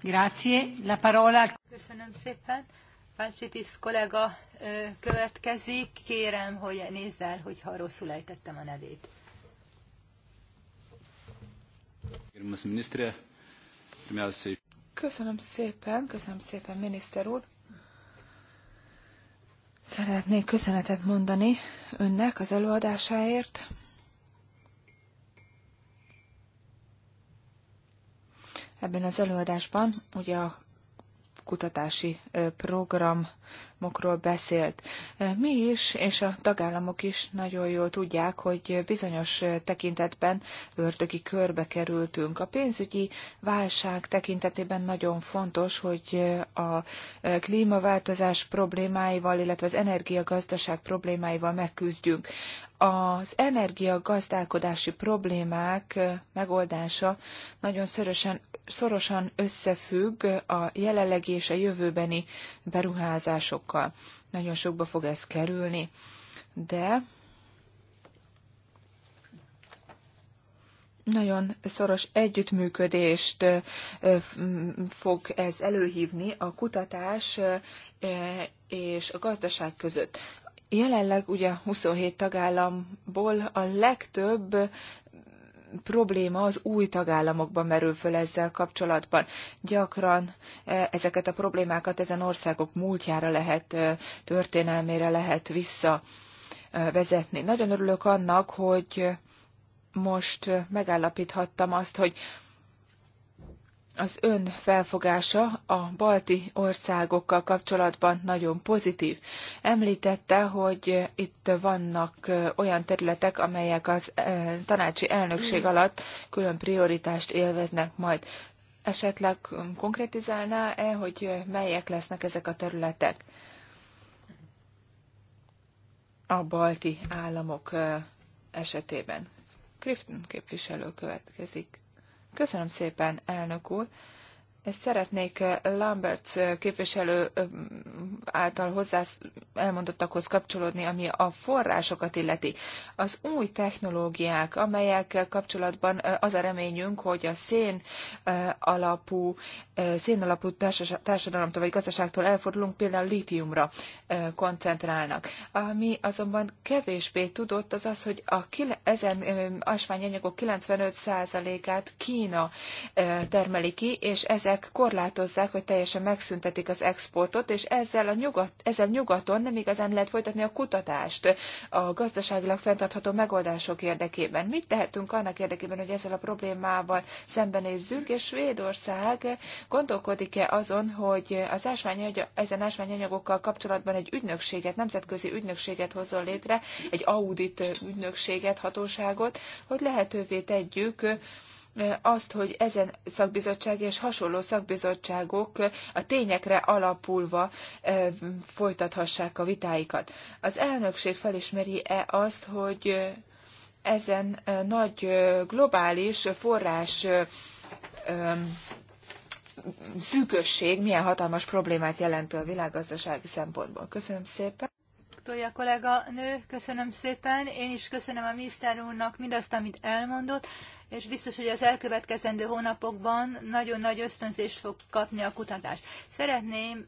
S2: Grazie. La parola...
S3: Köszönöm szépen. Pántritis kollega következik. Kérem, hogy nézzel,
S5: hogyha rosszul ejtettem a nevét. Köszönöm szépen, köszönöm szépen, miniszter úr. Szeretnék köszönetet mondani önnek az előadásáért. ebben az előadásban, ugye a kutatási programokról beszélt. Mi is, és a tagállamok is nagyon jól tudják, hogy bizonyos tekintetben ördögi körbe kerültünk. A pénzügyi válság tekintetében nagyon fontos, hogy a klímaváltozás problémáival, illetve az energiagazdaság problémáival megküzdjünk az energiagazdálkodási problémák megoldása nagyon szorosan, szorosan összefügg a jelenlegi és a jövőbeni beruházásokkal. Nagyon sokba fog ez kerülni, de nagyon szoros együttműködést fog ez előhívni a kutatás és a gazdaság között. Jelenleg ugye 27 tagállamból a legtöbb probléma az új tagállamokban merül föl ezzel kapcsolatban. Gyakran e, ezeket a problémákat ezen országok múltjára lehet, e, történelmére lehet visszavezetni. E, Nagyon örülök annak, hogy most megállapíthattam azt, hogy az ön felfogása a balti országokkal kapcsolatban nagyon pozitív. Említette, hogy itt vannak olyan területek, amelyek az tanácsi elnökség alatt külön prioritást élveznek majd. Esetleg konkretizálná-e, hogy melyek lesznek ezek a területek? A balti államok esetében. Krifton képviselő következik. Köszönöm szépen, elnök úr. Szeretnék Lamberts képviselő által hozzászólni elmondottakhoz kapcsolódni, ami a forrásokat illeti. Az új technológiák, amelyekkel kapcsolatban az a reményünk, hogy a szén alapú, szén alapú társadalomtól vagy gazdaságtól elfordulunk, például litiumra koncentrálnak. Ami azonban kevésbé tudott, az az, hogy a ezen asványanyagok 95%-át Kína termeli ki, és ezek korlátozzák, vagy teljesen megszüntetik az exportot, és ezzel a nyugat, ezzel nyugaton országban nem igazán lehet folytatni a kutatást a gazdaságilag fenntartható megoldások érdekében. Mit tehetünk annak érdekében, hogy ezzel a problémával szembenézzünk, és Svédország gondolkodik-e azon, hogy az ásványanyag, ezen ásványanyagokkal kapcsolatban egy ügynökséget, nemzetközi ügynökséget hozzon létre, egy audit ügynökséget, hatóságot, hogy lehetővé tegyük, azt, hogy ezen szakbizottság és hasonló szakbizottságok a tényekre alapulva folytathassák a vitáikat. Az elnökség felismeri-e azt, hogy ezen nagy globális forrás szűkösség milyen hatalmas problémát jelent a világgazdasági szempontból. Köszönöm szépen.
S3: Viktória kollega nő, köszönöm szépen. Én is köszönöm a miniszter úrnak mindazt, amit elmondott, és biztos, hogy az elkövetkezendő hónapokban nagyon nagy ösztönzést fog kapni a kutatás. Szeretném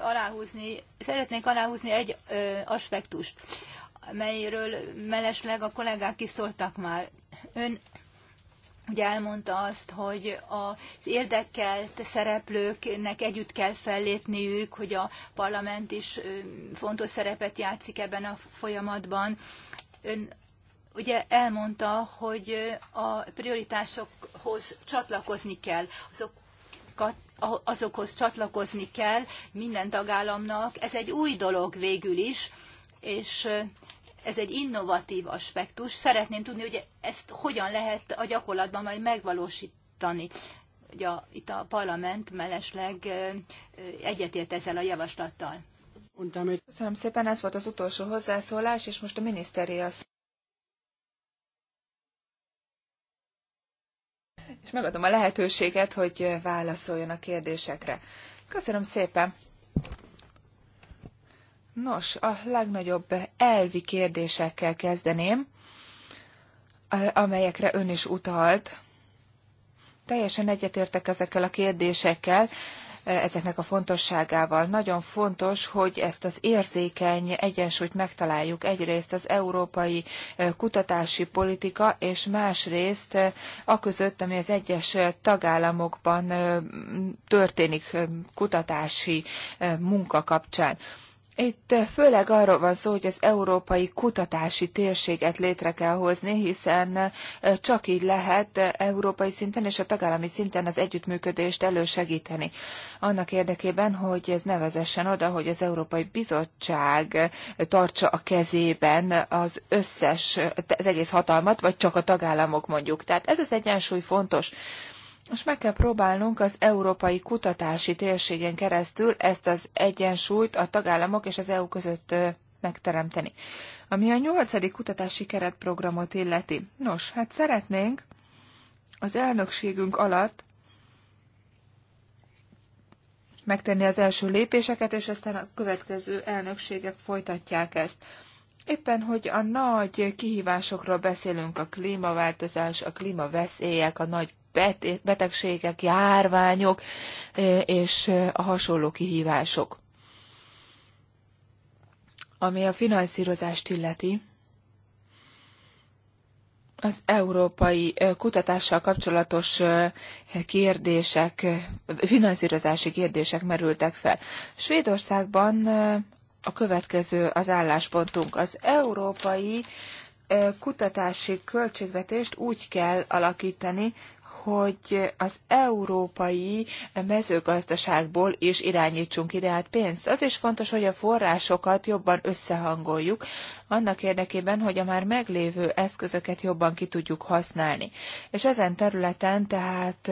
S3: aláhúzni, szeretnék aláhúzni egy ö, aspektust, melyről mellesleg a kollégák is szóltak már. Ön Ugye elmondta azt, hogy az érdekelt szereplőknek együtt kell fellépniük, hogy a parlament is fontos szerepet játszik ebben a folyamatban. Ön ugye elmondta, hogy a prioritásokhoz csatlakozni kell, azokat azokhoz csatlakozni kell minden tagállamnak. Ez egy új dolog végül is, és ez egy innovatív aspektus. Szeretném tudni, hogy ezt hogyan lehet a gyakorlatban majd megvalósítani. Ugye a, itt a parlament mellesleg egyetért ezzel a
S5: javaslattal. Köszönöm szépen, ez volt az utolsó hozzászólás, és most a miniszteri az. És megadom a lehetőséget, hogy válaszoljon a kérdésekre. Köszönöm szépen! Nos, a legnagyobb elvi kérdésekkel kezdeném, amelyekre ön is utalt. Teljesen egyetértek ezekkel a kérdésekkel, e, ezeknek a fontosságával. Nagyon fontos, hogy ezt az érzékeny egyensúlyt megtaláljuk. Egyrészt az európai e, kutatási politika, és másrészt e, a között, ami az egyes tagállamokban történik kutatási munka kapcsán. Itt eh, főleg arról van szó, hogy az európai kutatási térséget létre kell hozni, hiszen eh, csak így lehet eh, európai szinten és a tagállami szinten az együttműködést elősegíteni. Annak érdekében, hogy ez ne vezessen oda, hogy az Európai Bizottság tartsa a kezében az összes, az egész hatalmat, vagy csak a tagállamok mondjuk. Tehát ez az egyensúly fontos. Most meg kell próbálnunk az európai kutatási térségen keresztül ezt az egyensúlyt a tagállamok és az EU között megteremteni. Ami a nyolcadik kutatási keretprogramot illeti. Nos, hát szeretnénk az elnökségünk alatt megtenni az első lépéseket, és aztán a következő elnökségek folytatják ezt. Éppen, hogy a nagy kihívásokról beszélünk, a klímaváltozás, a klímaveszélyek, a nagy betegségek, járványok és a hasonló kihívások. Ami a finanszírozást illeti, az európai kutatással kapcsolatos kérdések, finanszírozási kérdések merültek fel. Svédországban a következő az álláspontunk. Az európai kutatási költségvetést úgy kell alakítani, hogy az európai mezőgazdaságból is irányítsunk ide át pénzt. Az is fontos, hogy a forrásokat jobban összehangoljuk, annak érdekében, hogy a már meglévő eszközöket jobban ki tudjuk használni. És ezen területen tehát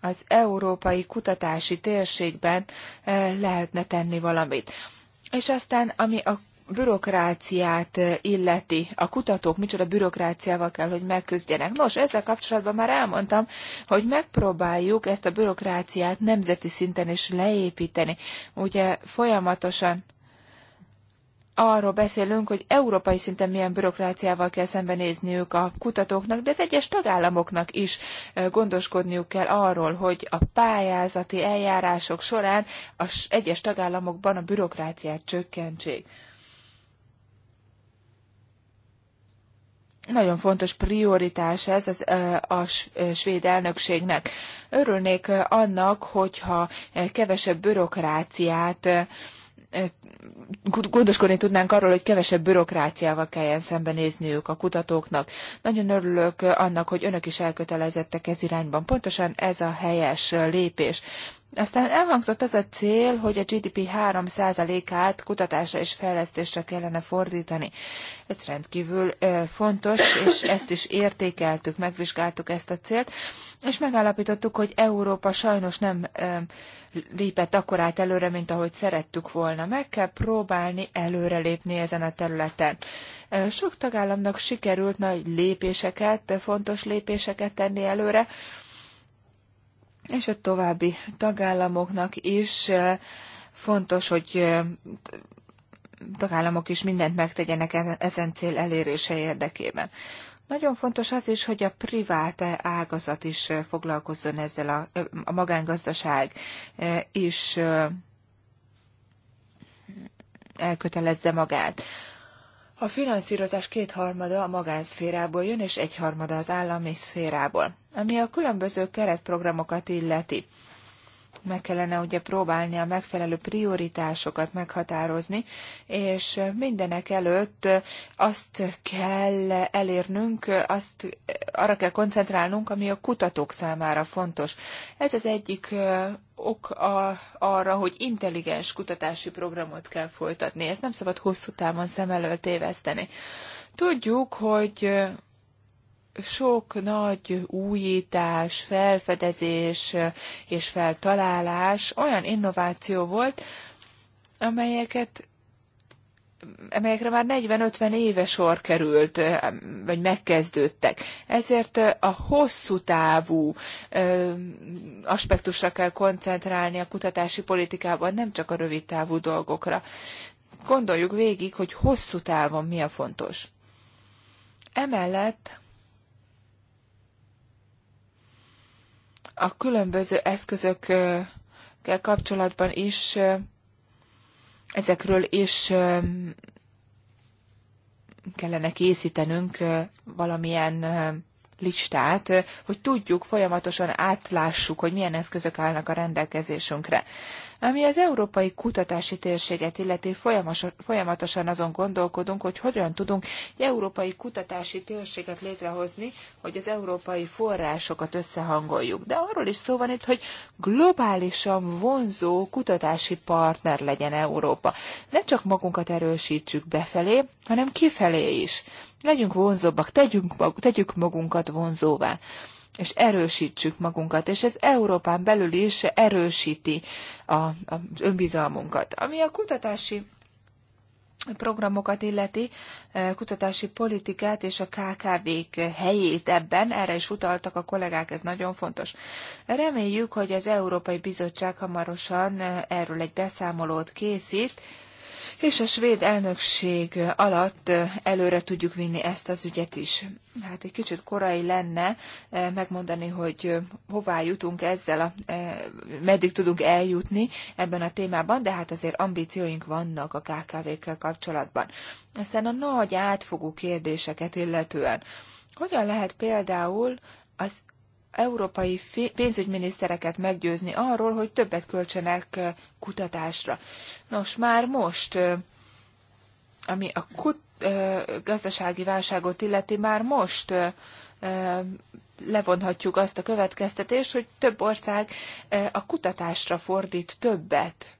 S5: az európai kutatási térségben lehetne tenni valamit. És aztán, ami a bürokráciát eh, illeti, a kutatók micsoda bürokráciával kell, hogy megküzdjenek. Nos, ezzel kapcsolatban már elmondtam, hogy megpróbáljuk ezt a bürokráciát nemzeti szinten is leépíteni. Ugye folyamatosan arról beszélünk, hogy európai szinten milyen bürokráciával kell szembenézniük a kutatóknak, de az egyes tagállamoknak is eh, gondoskodniuk kell arról, hogy a pályázati eljárások során az egyes tagállamokban a bürokráciát csökkentsék. Nagyon fontos prioritás ez az, a svéd elnökségnek. Örülnék annak, hogyha kevesebb bürokráciát gondoskodni tudnánk arról, hogy kevesebb bürokráciával kelljen szembenézniük a kutatóknak. Nagyon örülök annak, hogy önök is elkötelezettek ez irányban. Pontosan ez a helyes lépés. Aztán elhangzott az a cél, hogy a GDP 3%-át kutatásra és fejlesztésre kellene fordítani. Ez rendkívül fontos, és ezt is értékeltük, megvizsgáltuk ezt a célt, és megállapítottuk, hogy Európa sajnos nem lépett akkorát előre, mint ahogy szerettük volna. Meg kell próbálni előrelépni ezen a területen. Sok tagállamnak sikerült nagy lépéseket, fontos lépéseket tenni előre, és a további tagállamoknak is fontos, hogy tagállamok is mindent megtegyenek e-, ezen cél elérése érdekében. Nagyon fontos az is, hogy a privát ágazat is foglalkozzon ezzel, a, a magángazdaság is elkötelezze magát. A finanszírozás kétharmada a magánszférából jön, és egyharmada az állami szférából. Ami a különböző keretprogramokat illeti, meg kellene ugye próbálni a megfelelő prioritásokat meghatározni, és mindenek előtt azt kell elérnünk, azt arra kell koncentrálnunk, ami a kutatók számára fontos. Ez az egyik ok a, arra, hogy intelligens kutatási programot kell folytatni. Ezt nem szabad hosszú távon szem előtt éveszteni. Tudjuk, hogy sok nagy újítás, felfedezés és feltalálás olyan innováció volt, amelyeket amelyekre már 40-50 éve sor került, vagy megkezdődtek. Ezért a hosszú távú aspektusra kell koncentrálni a kutatási politikában, nem csak a rövid távú dolgokra. Gondoljuk végig, hogy hosszú távon mi a fontos. Emellett a különböző eszközökkel kapcsolatban is ezekről is kellene készítenünk valamilyen listát, hogy tudjuk, folyamatosan átlássuk, hogy milyen eszközök állnak a rendelkezésünkre. Ami az európai kutatási térséget illeti, folyamatosan azon gondolkodunk, hogy hogyan tudunk európai kutatási térséget létrehozni, hogy az európai forrásokat összehangoljuk. De arról is szó van itt, hogy globálisan vonzó kutatási partner legyen Európa. Nem csak magunkat erősítsük befelé, hanem kifelé is. Legyünk vonzóbbak, tegyünk, tegyük magunkat vonzóvá és erősítsük magunkat, és ez Európán belül is erősíti a, az önbizalmunkat. Ami a kutatási programokat illeti, eh, kutatási politikát és a KKV-k helyét ebben, erre is utaltak a kollégák, ez nagyon fontos. Reméljük, hogy az Európai Bizottság hamarosan eh, erről egy beszámolót készít, és a svéd elnökség alatt előre tudjuk vinni ezt az ügyet is. Hát egy kicsit korai lenne eh, megmondani, hogy hová jutunk ezzel, a, eh, meddig tudunk eljutni ebben a témában, de hát azért ambícióink vannak a KKV-kkel kapcsolatban. Aztán a nagy átfogó kérdéseket illetően. Hogyan lehet például az európai pénzügyminisztereket meggyőzni arról, hogy többet költsenek kutatásra. Nos, már most, ami a kut, gazdasági válságot illeti, már most levonhatjuk azt a következtetést, hogy több ország a kutatásra fordít többet.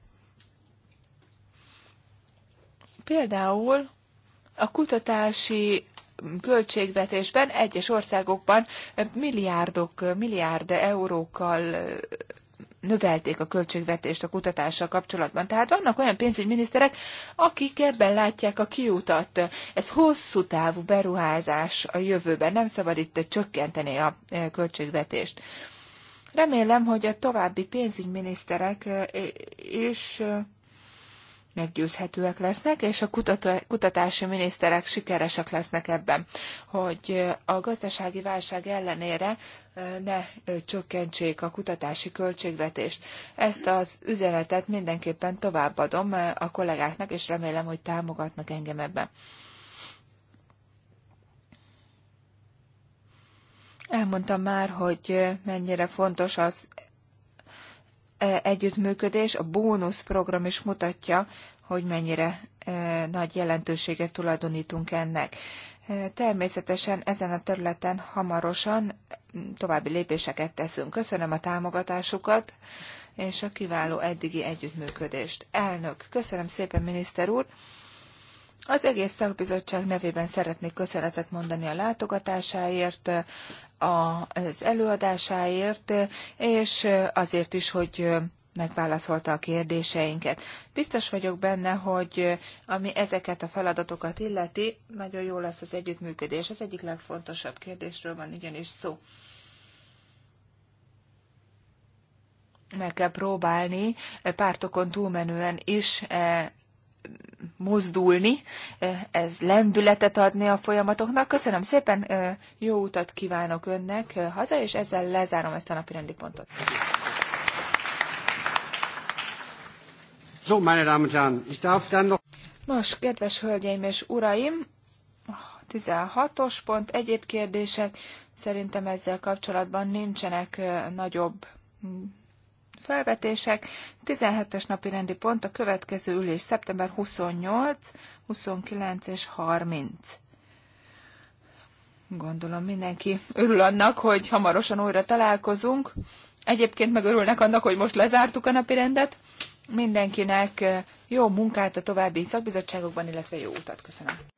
S5: Például a kutatási költségvetésben egyes országokban milliárdok, milliárd eurókkal növelték a költségvetést a kutatással kapcsolatban. Tehát vannak olyan pénzügyminiszterek, akik ebben látják a kiutat. Ez hosszú távú beruházás a jövőben, nem szabad itt csökkenteni a költségvetést. Remélem, hogy a további pénzügyminiszterek is meggyőzhetőek lesznek, és a kutatási miniszterek sikeresek lesznek ebben, hogy a gazdasági válság ellenére ne csökkentsék a kutatási költségvetést. Ezt az üzenetet mindenképpen továbbadom a kollégáknak, és remélem, hogy támogatnak engem ebben. Elmondtam már, hogy mennyire fontos az együttműködés, a bónuszprogram is mutatja, hogy mennyire nagy jelentőséget tulajdonítunk ennek. Természetesen ezen a területen hamarosan további lépéseket teszünk. Köszönöm a támogatásukat és a kiváló eddigi együttműködést. Elnök, köszönöm szépen, miniszter úr! Az egész szakbizottság nevében szeretnék köszönetet mondani a látogatásáért, az előadásáért, és azért is, hogy megválaszolta a kérdéseinket. Biztos vagyok benne, hogy ami ezeket a feladatokat illeti, nagyon jó lesz az együttműködés. Az egyik legfontosabb kérdésről van igenis szó. Meg kell próbálni pártokon túlmenően is eh, mozdulni, ez lendületet adni a folyamatoknak. Köszönöm szépen, jó utat kívánok önnek haza, és ezzel lezárom ezt a napi rendi pontot.
S1: So, meine Damen und Herren, ich darf dann noch...
S5: Nos, kedves hölgyeim és uraim, 16-os pont, egyéb kérdések, szerintem ezzel kapcsolatban nincsenek nagyobb felvetések. 17-es napi rendi pont a következő ülés szeptember 28, 29 és 30. Gondolom mindenki örül annak, hogy hamarosan újra találkozunk. Egyébként meg örülnek annak, hogy most lezártuk a napi rendet. Mindenkinek eh, jó munkát a további szakbizottságokban, illetve jó utat. Köszönöm.